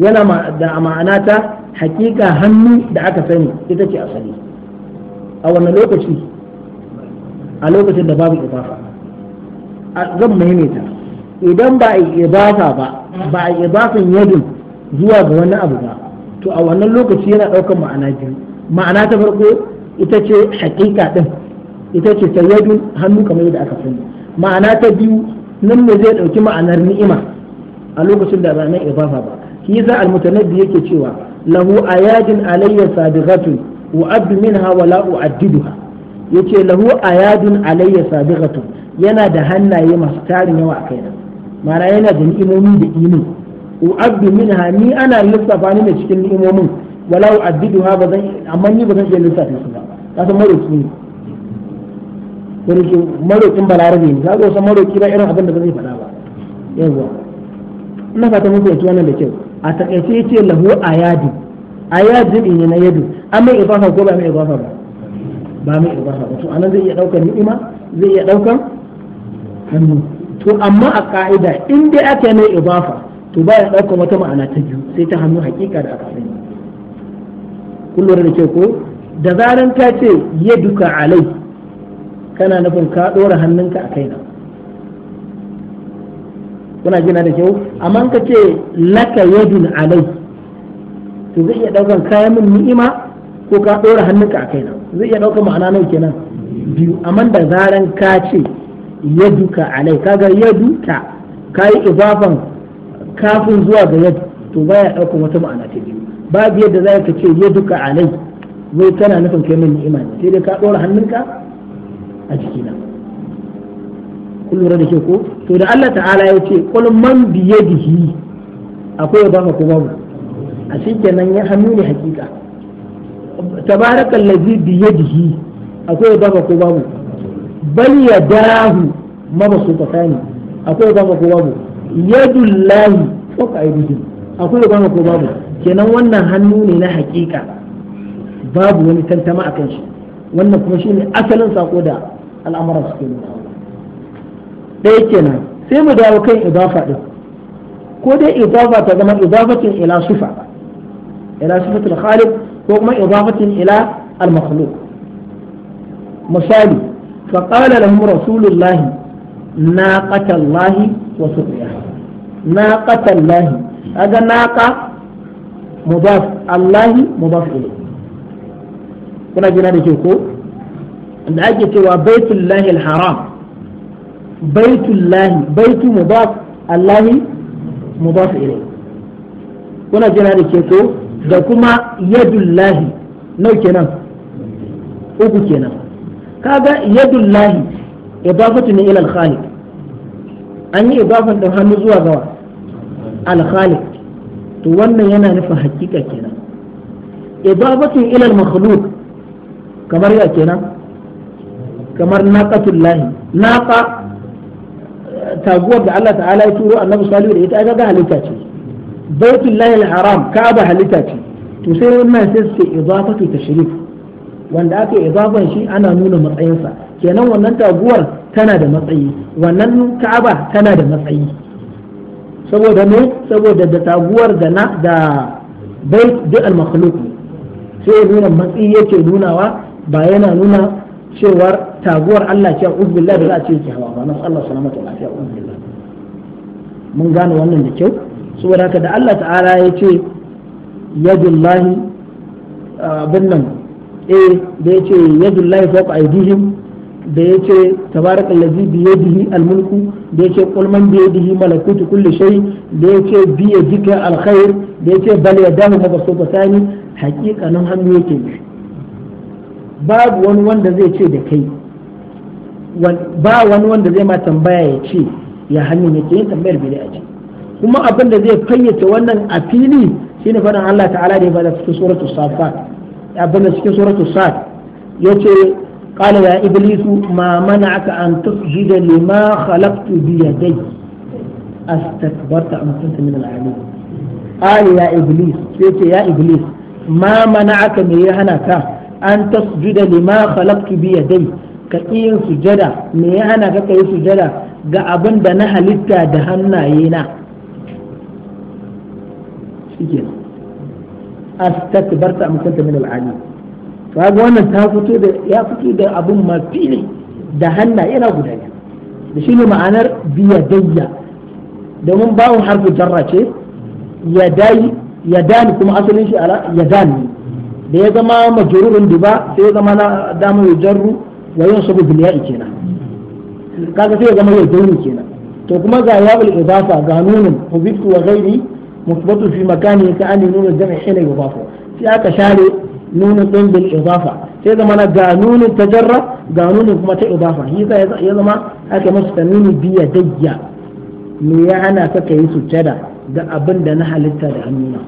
yana da ma'ana ta hakika hannu da aka sani ita ce asali a wannan lokaci a lokacin da babu idafa zan maimaita idan ba a idafa ba ba a idafin yadin zuwa ga wani abu ba to a wannan lokaci yana ɗaukar ma'ana biyu ma'ana ta farko ita ce haƙiƙa ɗin ita ce ta yadin hannu kamar yadda aka sani ma'ana ta biyu nan ne zai ɗauki ma'anar ni'ima a lokacin da ba na idafa ba shi yasa almutanabbi yake cewa lahu ayadin alayya sabiqatun wa abdu minha wa la u'addiduha yace lahu ayadun alayya sabiqatun yana da hannaye masu tarin yawa a kaina ma'ana yana da ni'imomi da u u'abbi minha ni ana lissafa ni da cikin ni'imomin wala ha ba zan amma ni ba zan iya lissafa su ba san maroki ne maroki marokin balarabe ne kaga san maroki ba irin abin da zai faɗa ba yawa ina fata muku yace wannan da kyau a takaice yace lahu ayadi ayadi ne na yadu amma ibafa ko ba mai ibafa ba ba mai ibaha ba to anan zai iya daukar ni'ima zai iya daukar hannu to amma a ka'ida in dai aka mai ibafa to ba ya daukar wata ma'ana ta biyu sai ta hannu hakika da aka sani kullum da ke ko da zaran ta ce ya duka alai kana nufin ka dora hannunka a kaina kuna gina da kyau amma ka ce laka yadun alai to zai iya ɗaukan kayan min ni'ima ko ka ɗora hannunka a kaina zai iya ɗaukar ma'ana nau kenan biyu amma da zaran ka ce yaduka alai kaga yaduka yi ibafan kafin zuwa ga yadu to ba ya ɗaukar wata ma'ana ta biyu babu yadda za ka ce yaduka alai wai tana nufin kai min ni'ima sai dai ka ɗora hannunka a jikina kun lura da ke ko to da Allah ta'ala ya ce qul man bi yadihi akwai ibafa ko babu a shi kenan ya hannu ne hakika tabarakal ladhi bi yadihi akwai baba ko babu bal yadahu mabsutatani akwai baba ko babu الله فوق aydihim akwai بابا ko babu kenan wannan hannu ne na hakika babu wani tantama akan shi wannan kuma ne asalin sako da al'amuran suke nuna ɗaya kenan sai mu dawo kan idafa din ko dai idafa ta zama idafatin ila sufa ila khaliq ko kuma idafatin ila al-makhluq misali fa qala lahum rasulullah naqata Allah wa suqiyaha naqata Allah aga naqa mudaf Allah mudaf ilayhi kuna jira da ke ko da ake cewa baitullahi al-haram baitullahi baitu mudaf Allah mudaf ilayhi kuna jira da ke ko da kuma yadullahi nau kenan uku kenan kaga yadullahi idafatu ne ila al-khaliq an yi idafan da hannu zuwa gawa al-khaliq to wannan yana nufin hakika kenan idafatun ila al-makhluq kamar ya kenan kamar naqatullahi naqa eh, taguwar da Allah ta'ala ya turo annabi salihu da ita ga halitta ce baitullahi al-haram ka'aba halitta ce to sai wannan sai afa ce ta tashrif wanda aka idafan shi ana nuna matsayinsa kenan wannan taguwar tana da matsayi wannan ka'aba tana da matsayi saboda me saboda da taguwar da na da bait duk al-makhluq sai nuna matsayi yake nunawa ba yana nuna cewar taguwar Allah ce uzbillah da za a ce ki hawa ba na Allah salamatu lafiya uzbillah mun gane wannan da kyau saboda haka da Allah ta'ala ya ce yadullahi abin nan a eh, da ya ce yadullahi fawqa aydihim da ya ce tabarakal ladzi bi yadihi almulku da ya ce kulman man bi yadihi malakutu kulli shay da ya ce bi yadika alkhair da ya ce bal yadahu mabsutatani haqiqanin hannu yake babu wani wanda zai ce da kai ba wani wanda zai ma tambaya ya ce ya ya yake yin tambayar bid'a ce kuma abin da zai fayyace wannan a fili shine faɗin Allah ta'ala da ya bada cikin suratul safat abin da cikin suratul sad yace qala ya iblisu ma mana'aka an tusjida lima khalaqtu bi yadayya astakbarta am kunta min al-'aliin qala ya iblis yace ya iblis ma mana'aka me ya hana ka an tasjuda lima khalaqtu bi yadayya ka yin sujada me ya hana ka kai sujada ga abin da na halitta da hannaye na shike astakbarta am kunta min al kaga wannan ta fito da ya fito da abun mafili da hanna yana guda biyu da shi ne ma'anar biyadayya domin bawon harfi jarra ce yadani kuma asalin shi ala yadani da ya zama majrurin duba sai ya zama na damu jarru wa yin sabu biliya'i kenan kaga sai ya zama ya kenan to kuma ga yawul idafa ga nunin hubitu wa ghairi مثبت في مكانه كأن نون الجمع حين يضاف في هكا شاري نون الدين بالإضافة sai zama na ga nunin ta jarra ganuni kuma ta idafa shi ya zama ake masu ta nuni biya dayya me ya hana ka kai da abin na halitta da hannuna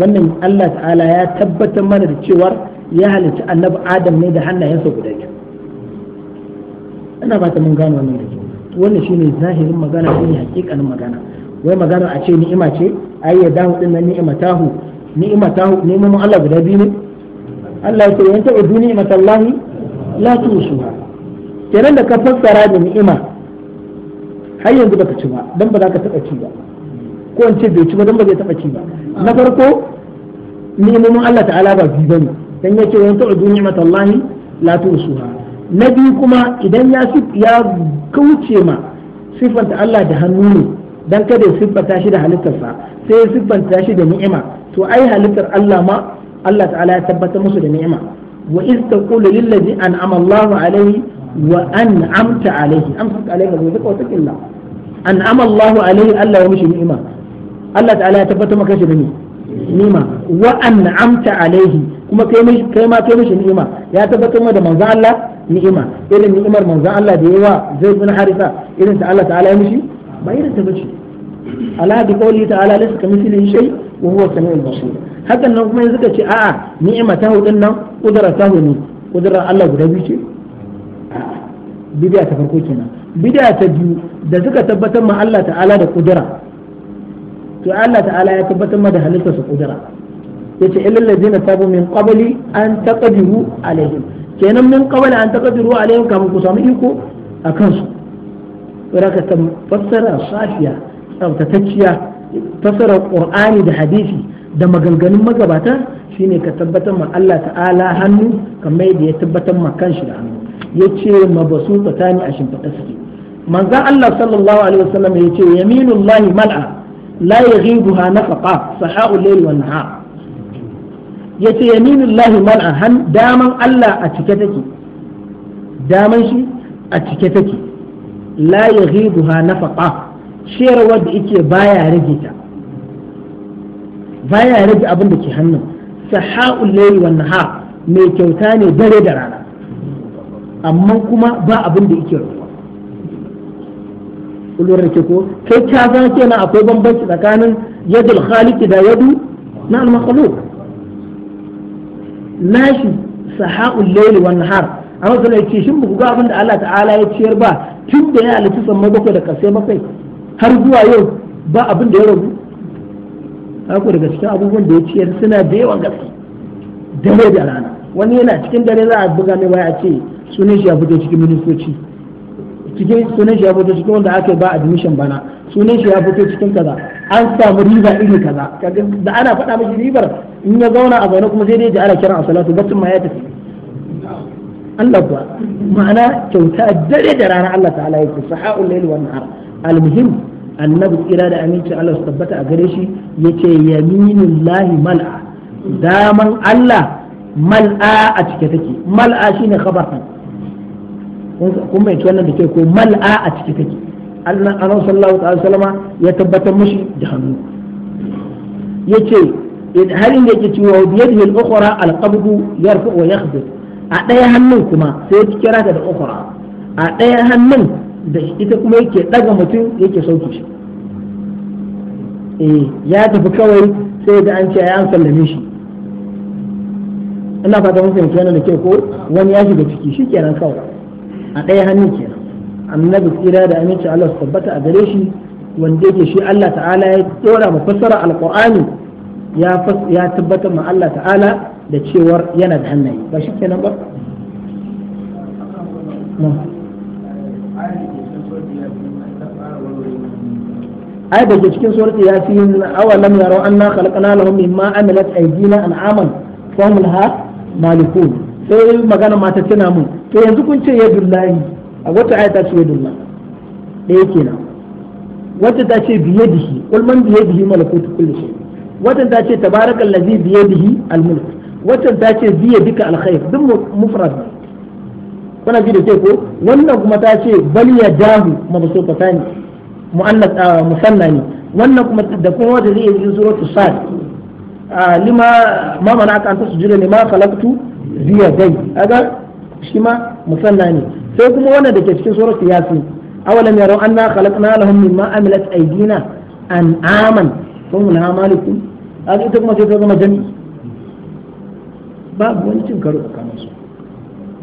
wannan Allah ta'ala ya tabbatar mana da cewar ya halitta annabi adam ne da hannayensa guda biyu ina ba ta mun gano wannan da wannan shine zahirin magana ne hakikanin magana wai magana a ce ni'ima ce ai ya dahu din nan ni'ima tahu ni'ima tahu ni'imomin Allah guda biyu ne Allah ya ce ubu ni'ima tallahi la tusuha kenan da ka fassara da ni'ima har yanzu baka ci ba dan ba za ka taba ci ba ko in ce bai ci ba dan ba zai taba ci ba na farko mun Allah ta'ala ba biyu bane dan yace wa ubu ni'ima tallahi la tusuha na biyu kuma idan ya ya kauce ma sifanta Allah da hannu ne dan kada ya siffanta shi da halittarsa sai ya siffanta shi da ni'ima to ai halittar Allah ma Allah ta'ala ya tabbatar musu da ni'ima wa iz taqulu lil ladzi an'ama Allahu alayhi wa an'amta alayhi amsik alayka bi dhikra taqilla an'ama Allahu alayhi Allah ya mishi ni'ima Allah ta'ala ya tabbatar maka shi da ni'ima wa an'amta alayhi kuma kai mishi kai ma kai mishi ni'ima ya tabbatar maka da manzo Allah ni'ima irin ni'imar manzo Allah da yawa zai bin harisa irin ta Allah ta'ala ya mishi ba irin ta bace ala bi qawli ta'ala laysa kamithlihi shay wa huwa samiul basir hakan nan kuma yanzu ka ce a'a ni'ima ta hudun nan kudura ta hudu kudurar Allah guda biyu ce bid'a ta farko kenan bid'a ta biyu da suka tabbatar ma Allah ta'ala da kudura to Allah ta'ala ya tabbatar ma da halittar su kudura yace illal ladina tabu min qabli an taqdiru alaihim kenan min qabli an taqdiru alaihim kamun ku samu iko A kansu. saboda ta fassara safiya tsaftatacciya fassara qur'ani da hadisi da maganganun magabata shine ka tabbatar ma Allah ta'ala hannu kamar yadda ya tabbatar ma kanshi da hannu yace mabasu tsakani a shimfiɗa suke manzon Allah sallallahu alaihi wasallam yace yaminullahi mal'a la yaghibuha nafaqa sahau layl wa nahar yace yaminullahi mal'a han daman Allah a cike take daman shi a cike take la yaghibuha nafaqa ciyarwa da yake baya rage ta baya rage abin ke hannun saha'ul layli wan nahar mai kyauta ne dare da rana amma kuma ba abin da yake rawa ko kai ka ga kenan akwai bambanci tsakanin yadul khaliqi da yadu na nashi saha'ul layli amma sai ya ce shin ba ku ga abin da Allah ta'ala ya ciyar ba tun da ya halitta sammai bakwai da kasai bakwai har zuwa yau ba abin da ya rabu haka daga cikin abubuwan da ya ciyar suna da yawan gaske dare da rana wani yana cikin dare za a buga mai baya ce sunan shi ya fito cikin ministoci cikin sunan shi ya fito cikin wanda aka ba admission bana sunan shi ya fito cikin kaza an samu riba iri kaza da ana faɗa mashi ribar in ya zauna a zaune kuma sai dai ji ana kiran a salatu batun ma ya tafi Allah ba ma'ana kyauta dare da rana Allah ta'ala yake saha'ul layl wan nahar almuhim annabi tsira da aminci Allah su tabbata a gare shi yace yaminullahi mal'a daman Allah mal'a a cike take mal'a shine khabar kun bai wannan da ke ko mal'a a cike take Allah annabi sallallahu alaihi wasallama ya tabbatar mushi da hannu yace halin da yake cewa biyadihi al-ukhra al-qabdu yarfa wa yakhdhu a ɗaya hannun kuma sai ya kira ta da ukura a ɗaya hannun da ita kuma yake ɗaga mutum yake sauke shi eh, ya tafi kawai sai da an ce ya an sallame shi ina fata mun fahimci yana da kyau ko wani ya shiga ciki shi kenan kawai a ɗaya hannun kenan annabi tsira da aminci Allah su tabbata a gare shi wanda yake shi Allah ta'ala ya dora mafassara fassara ya tabbatar ma Allah ta'ala da cewar yana da hannaye ba shi kenan ba ai da ke cikin surati ya fi awalam yaro anna khalaqna lahum mimma amilat aydina an'aman fa hum laha malikun sai magana mata tana mun to yanzu kun ce yadullahi a wata ayata ce yadullah ɗaya kenan wata ta ce biyadihi kul man biyadihi malakutu kulli shay wata ta ce tabarakal biyadihi al waccan ta ce biya duka alkhair duk mufrad ne kuna ji da ce ko wannan kuma ta ce bal ya dahu mabsuta ne mu'annas ah, musanna ne wannan kuma da kuma wata zai yi suratu sad ah, lima ma mana aka anta sujuda ne ma khalaqtu biya dai aga shi ma musanna ne sai kuma wannan da ke cikin suratu yasin awalam yaraw anna khalaqna lahum mimma amilat aydina an'aman hum na malikun aga ita kuma sai ta zama jami'i babu wani cin karo tsakanin su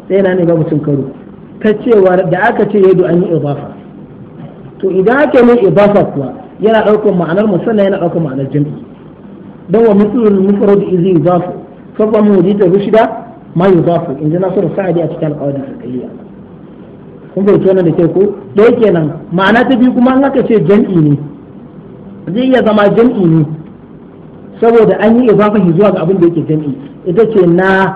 sai na ne babu cin karo ta cewa da aka ce yadda an yi ibafa to idan aka yi ibafa kuwa yana ɗaukar ma'anar musamman yana ɗaukar ma'anar jam'i don wa mislul mufrad izi yudafu fa fa mujita rushida ma yudafu in ji da sa'adi a cikin alƙawarin fiqhiyya kun fahimci wannan da ke ko da yake nan ma'ana ta biyu kuma an aka ce jam'i ne zai iya zama jam'i ne saboda an yi ibafahi zuwa ga abin da yake jami'i ita ce na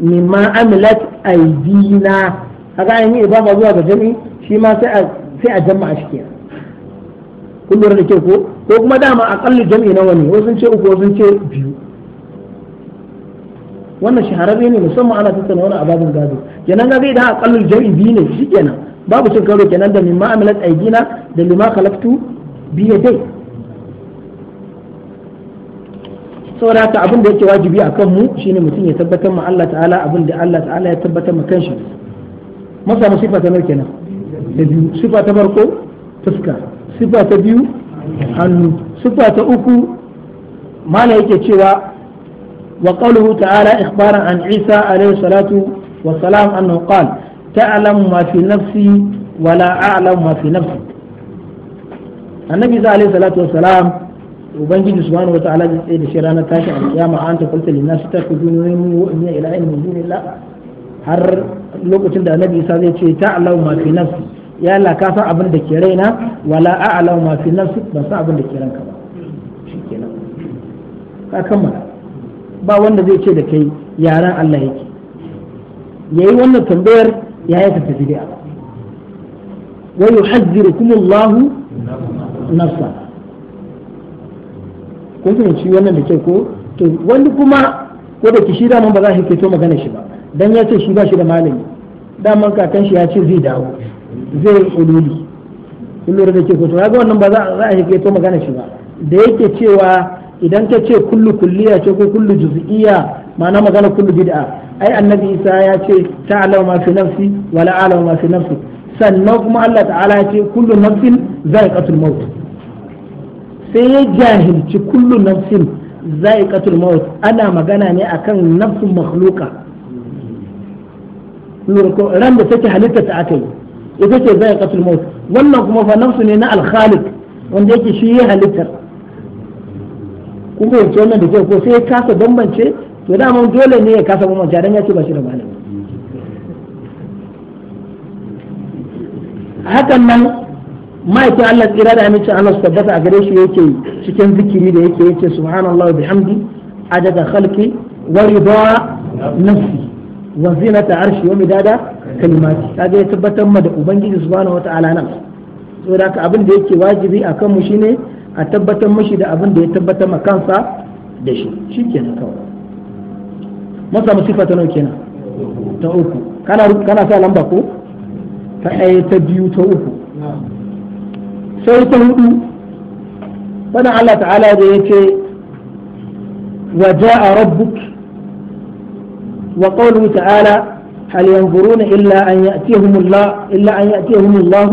mimma amilat aidina haka an yi ibafa zuwa ga jami'i shi ma sai a sai a jama'a shi kun lura da ke ko ko kuma dama aqallu jami'i nawa ne wasu ce uku wasu ce biyu wannan shahararre ne musamman ana tattauna wani ababin gado kenan ga idan aqallu jami'i biyu ne shi kenan babu cin karo kenan da mimma amilat aidina da mimma khalaqtu biyu dai. saboda haka abin da yake wajibi a kanmu shine mutum ya tabbatar ma Allah ta'ala abin da Allah ta'ala ya tabbatar ma kanshi masa mu sifa ta nawa kenan da biyu sifa ta farko fuska sifa ta biyu hannu sifa ta uku mala yake cewa wa qawluhu ta'ala ikhbaran an Isa alayhi salatu wa salam annahu qala ta'lamu ma fi nafsi wa la a'lamu ma fi nafsi annabi Isa alayhi salatu wa salam ubangiji subhanahu wataala zai tsaye da shi ranar tashi a kiyama an ta kulta lina su tafi dunoyin wa'ina ila ilmin dunillah har lokacin da annabi isa zai ce ta allahu ma fi nafsi ya Allah ka san abin da ke raina wala a allahu ma fi nafsi ba san abin da ke ranka ba shikenan ka kammala ba wanda zai ce da kai yaran Allah yake yayi wannan tambayar ya yi tafi bid'a wa yuhazzirukumullahu nafsa kun ci wannan da ke ko to wani kuma ko da ki shi da ba za ka to magana shi ba dan ya ce shi ba shi da malami daman kakan shi ya ce zai dawo zai ululi kun lura da ke ko to ga wannan ba za a kai to magana shi ba da yake cewa idan ka ce kullu kulliya ce ko kullu juz'iyya ma'ana magana kullu bid'a ai annabi isa ya ce ta'lamu ma fi nafsi wa la ma fi nafsi sannan kuma Allah ta'ala ya ce kullu nafsin za'iqatul maut sai ya jahilci kullum nafsin katul maut ana magana ne akan nafsin ko ran da take halitta ta aka yi ita ce katul maut wannan kuma fa nafsu ne na al-khaliq wanda yake shi ya halittar kuma yace wannan da ke ko sai ya kasa bambance to da mun dole ne ya kasa bambance dan ya ce ba shi da malami hakan nan ma'aikin Allah tsira da amincin Allah su tabbata a gare shi yake cikin zikiri da yake yake subhanallah wa bihamdi adaga khalqi wa rida nafsi wa zinata arshi wa midada kalimati kaga ya tabbatar ma da ubangiji subhanahu wataala nan saboda haka abin da yake wajibi akan mu shine a tabbatar mashi da abin da ya tabbatar ma kansa da shi shikenan kawai masa musifa ta nawa kenan ta uku kana sa lamba ko ta ɗaya eh, ta biyu ta uku sai ta hudu fadin Allah ta'ala da ya ce wa ja'a rabbuk wa qawluhu ta'ala hal yanzuruna illa an ya'tihumullah illa an ya'tihumullah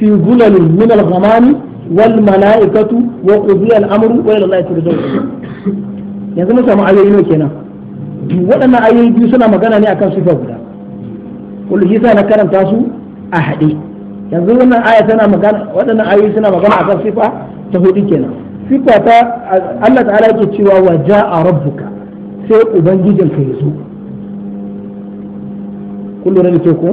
fi zulalin min al wal mala'ikatu wa qudiya al-amru wa ila Allah turja'un yanzu mun samu ayoyi ne kenan waɗannan ayoyi biyu suna magana ne akan sifa guda kullu yasa na karanta su a haɗe yanzu wannan aya tana magana waɗannan ayoyi suna magana akan sifa ta hudu kenan sifa ta Allah ta'ala yake cewa wa ja'a rabbuka sai ubangijin ka yazo kullu ran ce ko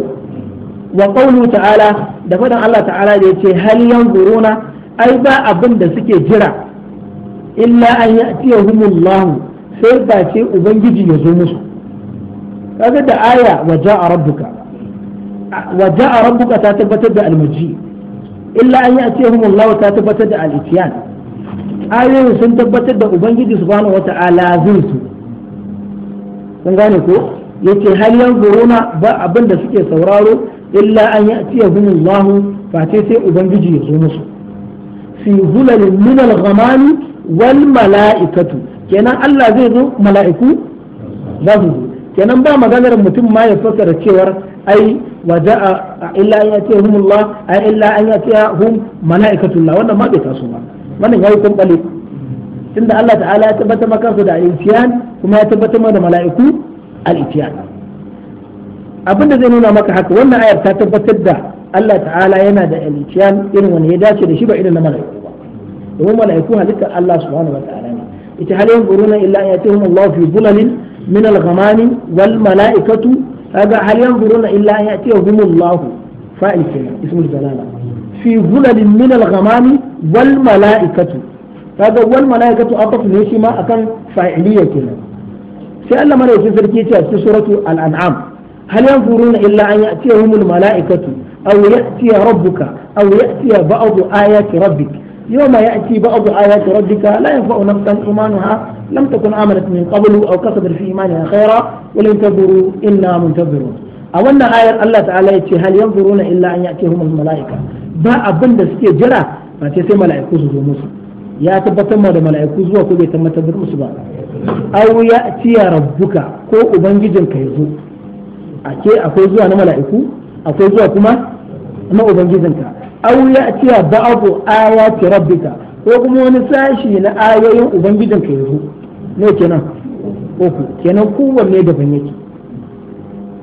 wa qawlu ta'ala da fadan Allah ta'ala da yace hal yanzuruna ai ba abin da suke jira illa an ya'tiyahumullahu sai ba ce ubangiji ya zo musu kaga da aya wa ja'a rabbuka wa ja'a rabbuka ta tabbatar da almaji illa an ya'tihum Allah ta tabbatar da al-ityan sun tabbatar da ubangiji subhanahu wata'ala zai su kun gane ko yace hal yanzuruna ba abin da suke sauraro illa an ya'tihum Allah fa sai sai ubangiji ya zo musu fi hulalin min al-ghamami mala'ikatu kenan Allah zai zo mala'iku kenan ba maganar mutum ma ya fassara cewar ai waje a illa an yati humullah ai illa an yati hum malaikatullah wannan ma bai taso ba wannan yayi kumbale tunda Allah ta'ala ya tabbata maka su da al-itiyan kuma ya tabbata mana da mala'iku al-itiyan abinda zai nuna maka haka wannan ayar ta tabbatar da Allah ta'ala yana da al-itiyan irin wani ya dace da shi ba irin na mala'iku ba domin mala'iku halittar Allah subhanahu wa ta'ala ne ita hal yanzuruna illa an yatihum Allah fi dhulalin min al-ghamami wal mala'ikatu kaga hal yanzuruna illa ya'tihum Allah fa'il kenan ismul jalala fi hulalin min al-ghamami wal mala'ikatu kaga wal mala'ikatu aqaf ne shi ma akan fa'iliya kenan sai Allah madaukakin sarki ce a cikin suratu al-an'am hal yanzuruna illa an ya'tihum al-mala'ikatu aw ya'tiya يوم يأتي بعض آيات ربك لا ينفع نفسا إيمانها لم تكن آمنت من قبل أو كسبت في إيمانها خيرا ولن إنا منتظرون a wannan ayar Allah ta'ala ya ce hal yanzuruna illa an ya'tihum malaika ba abin da suke jira ba sai sai mala'iku su zo musu ya tabbatar ma mala'iku zuwa ko bai tabbatar musu ba aw ya'tiya rabbuka ko ubangijin ka ake akwai zuwa na mala'iku akwai zuwa kuma na ubangijin ka aw ya'tiya ba'du ayati rabbika ko kuma wani sashi na ayoyin ubangijin ka ne kenan uku kenan kowanne daban yake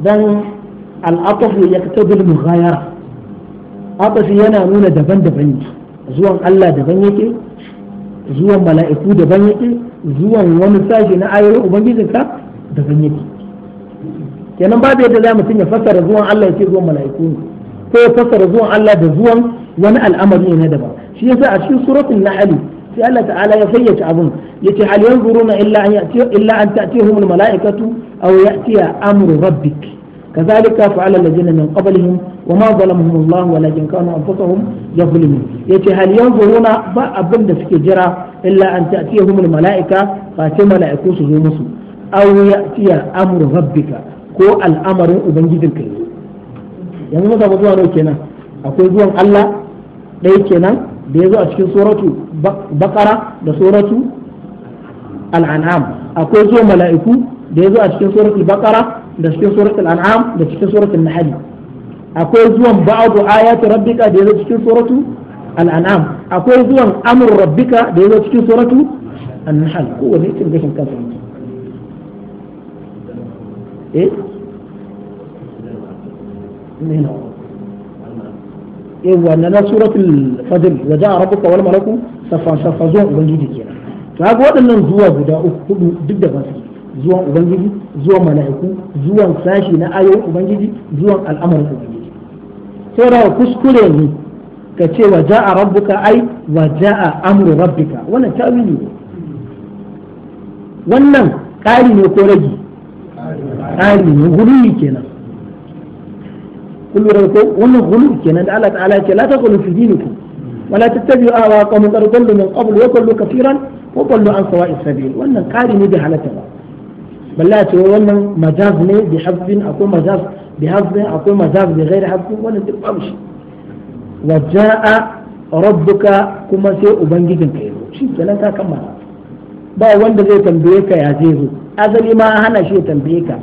dan al'atafu ya tabbil mughayara atafi yana nuna daban-daban ne zuwan Allah daban yake zuwan mala'iku daban yake zuwan wani sashi na ayoyin ubangijinka daban yake kenan babu yadda za mutum ya fassara zuwan Allah ya ce zuwan mala'iku ne ko ya fassara zuwan Allah da zuwan wani al'amari ne na daban shi yasa a cikin suratul nahl sai Allah ta'ala ya fayyace abun yace hal yanzuruna illa an ya'ti illa an ta'tihum al mala'ikatu aw ya'tiya amru rabbik kazalika fa'ala alladhina min qablihim wa ma zalamuhum Allah walakin kanu anfusahum yadhlimun yace hal yanzuruna ba abin da suke jira illa an ta'tihum al mala'ika fa ta mala'iku su zo musu aw ya'tiya amru rabbika ko al'amarin ubangijinka yanzu yanzu muka zuwa nawa kenan akwai zuwan Allah ɗaya kenan da ya zo a cikin suratu bakara da suratu al'an'am akwai zo mala'iku da ya zo a cikin suratu bakara da cikin suratu al'an'am da cikin suratu nahali akwai zuwan ba'adu ayatu rabbika da ya zo cikin suratu al'an'am akwai zuwan amur rabbika da ya zo cikin suratu an-nahl wani. cikin gashin kansa eh ne yawa na na suratul fajr wa ja'a rabbuka wal malaku safa safa zuwa ubangiji kenan to haka waɗannan zuwa guda uku duk da basu zuwan ubangiji zuwan mala'iku zuwan sashi na ayoyin ubangiji zuwan al'amarin ubangiji sai rawa kuskure ne ka ce wa ja'a rabbuka ai wa ja'a amru rabbika wannan ta'wili ne wannan ƙari ne ko ragi ƙari ne guri kenan kun lura ko wannan gulu kenan da Allah ta'ala ce la taqulu fi dinikum wa la tattabi'u ahwa qawmin qad dallu min qabl wa kullu kafiran wa kullu an sawa'is sabil wannan kari ne da halatta ba balla ce wannan majaz ne bi hafzin akwai majaz bi hafzin akwai majaz bi ghairi hafzin wannan duk babu shi wa ja'a rabbuka kuma sai ubangijin ka yazo shi kenan ka kammala ba wanda zai tambaye ka ya zai zo azali ma hana shi ya tambaye ka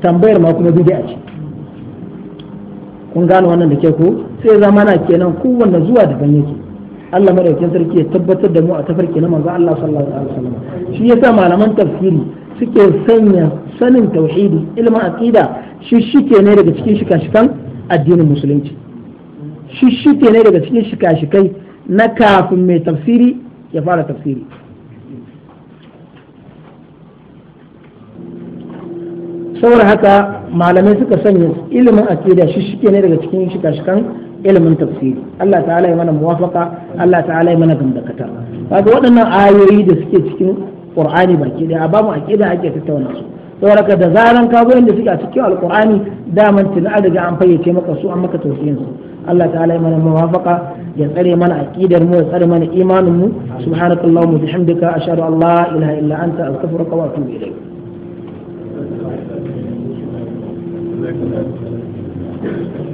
tambayar ma kuma bid'a ce kun gane wannan da ke ku sai zamana kenan kowanne zuwa daban yake Allah madaukakin sarki ya tabbatar da mu a tafarki na manzo Allah sallallahu alaihi wasallam shi yasa malaman tafsiri suke sanya sanin tauhidi ilmin aqida shi shike ne daga cikin shika-shikan addinin musulunci shi shike ne daga cikin shika-shikai na kafin mai tafsiri ya fara tafsiri saboda haka malamai suka sanya ilimin akida shi shike ne daga cikin shika-shikan ilimin tafsiri Allah ta'ala mana muwafaka Allah ta'ala ya mana gamdakata kaga waɗannan ayoyi da suke cikin Qur'ani baki daya a babu akida ake tattauna su saboda da zaran ka da suke a cikin alqur'ani daman tun an riga an fayyace maka su an maka tausiyin su Allah ta'ala mana muwafaqa ya tsare mana akidar mu ya tsare mana imanin mu subhanakallahumma bihamdika ashhadu an la ilaha illa anta astaghfiruka wa atubu ilayk لك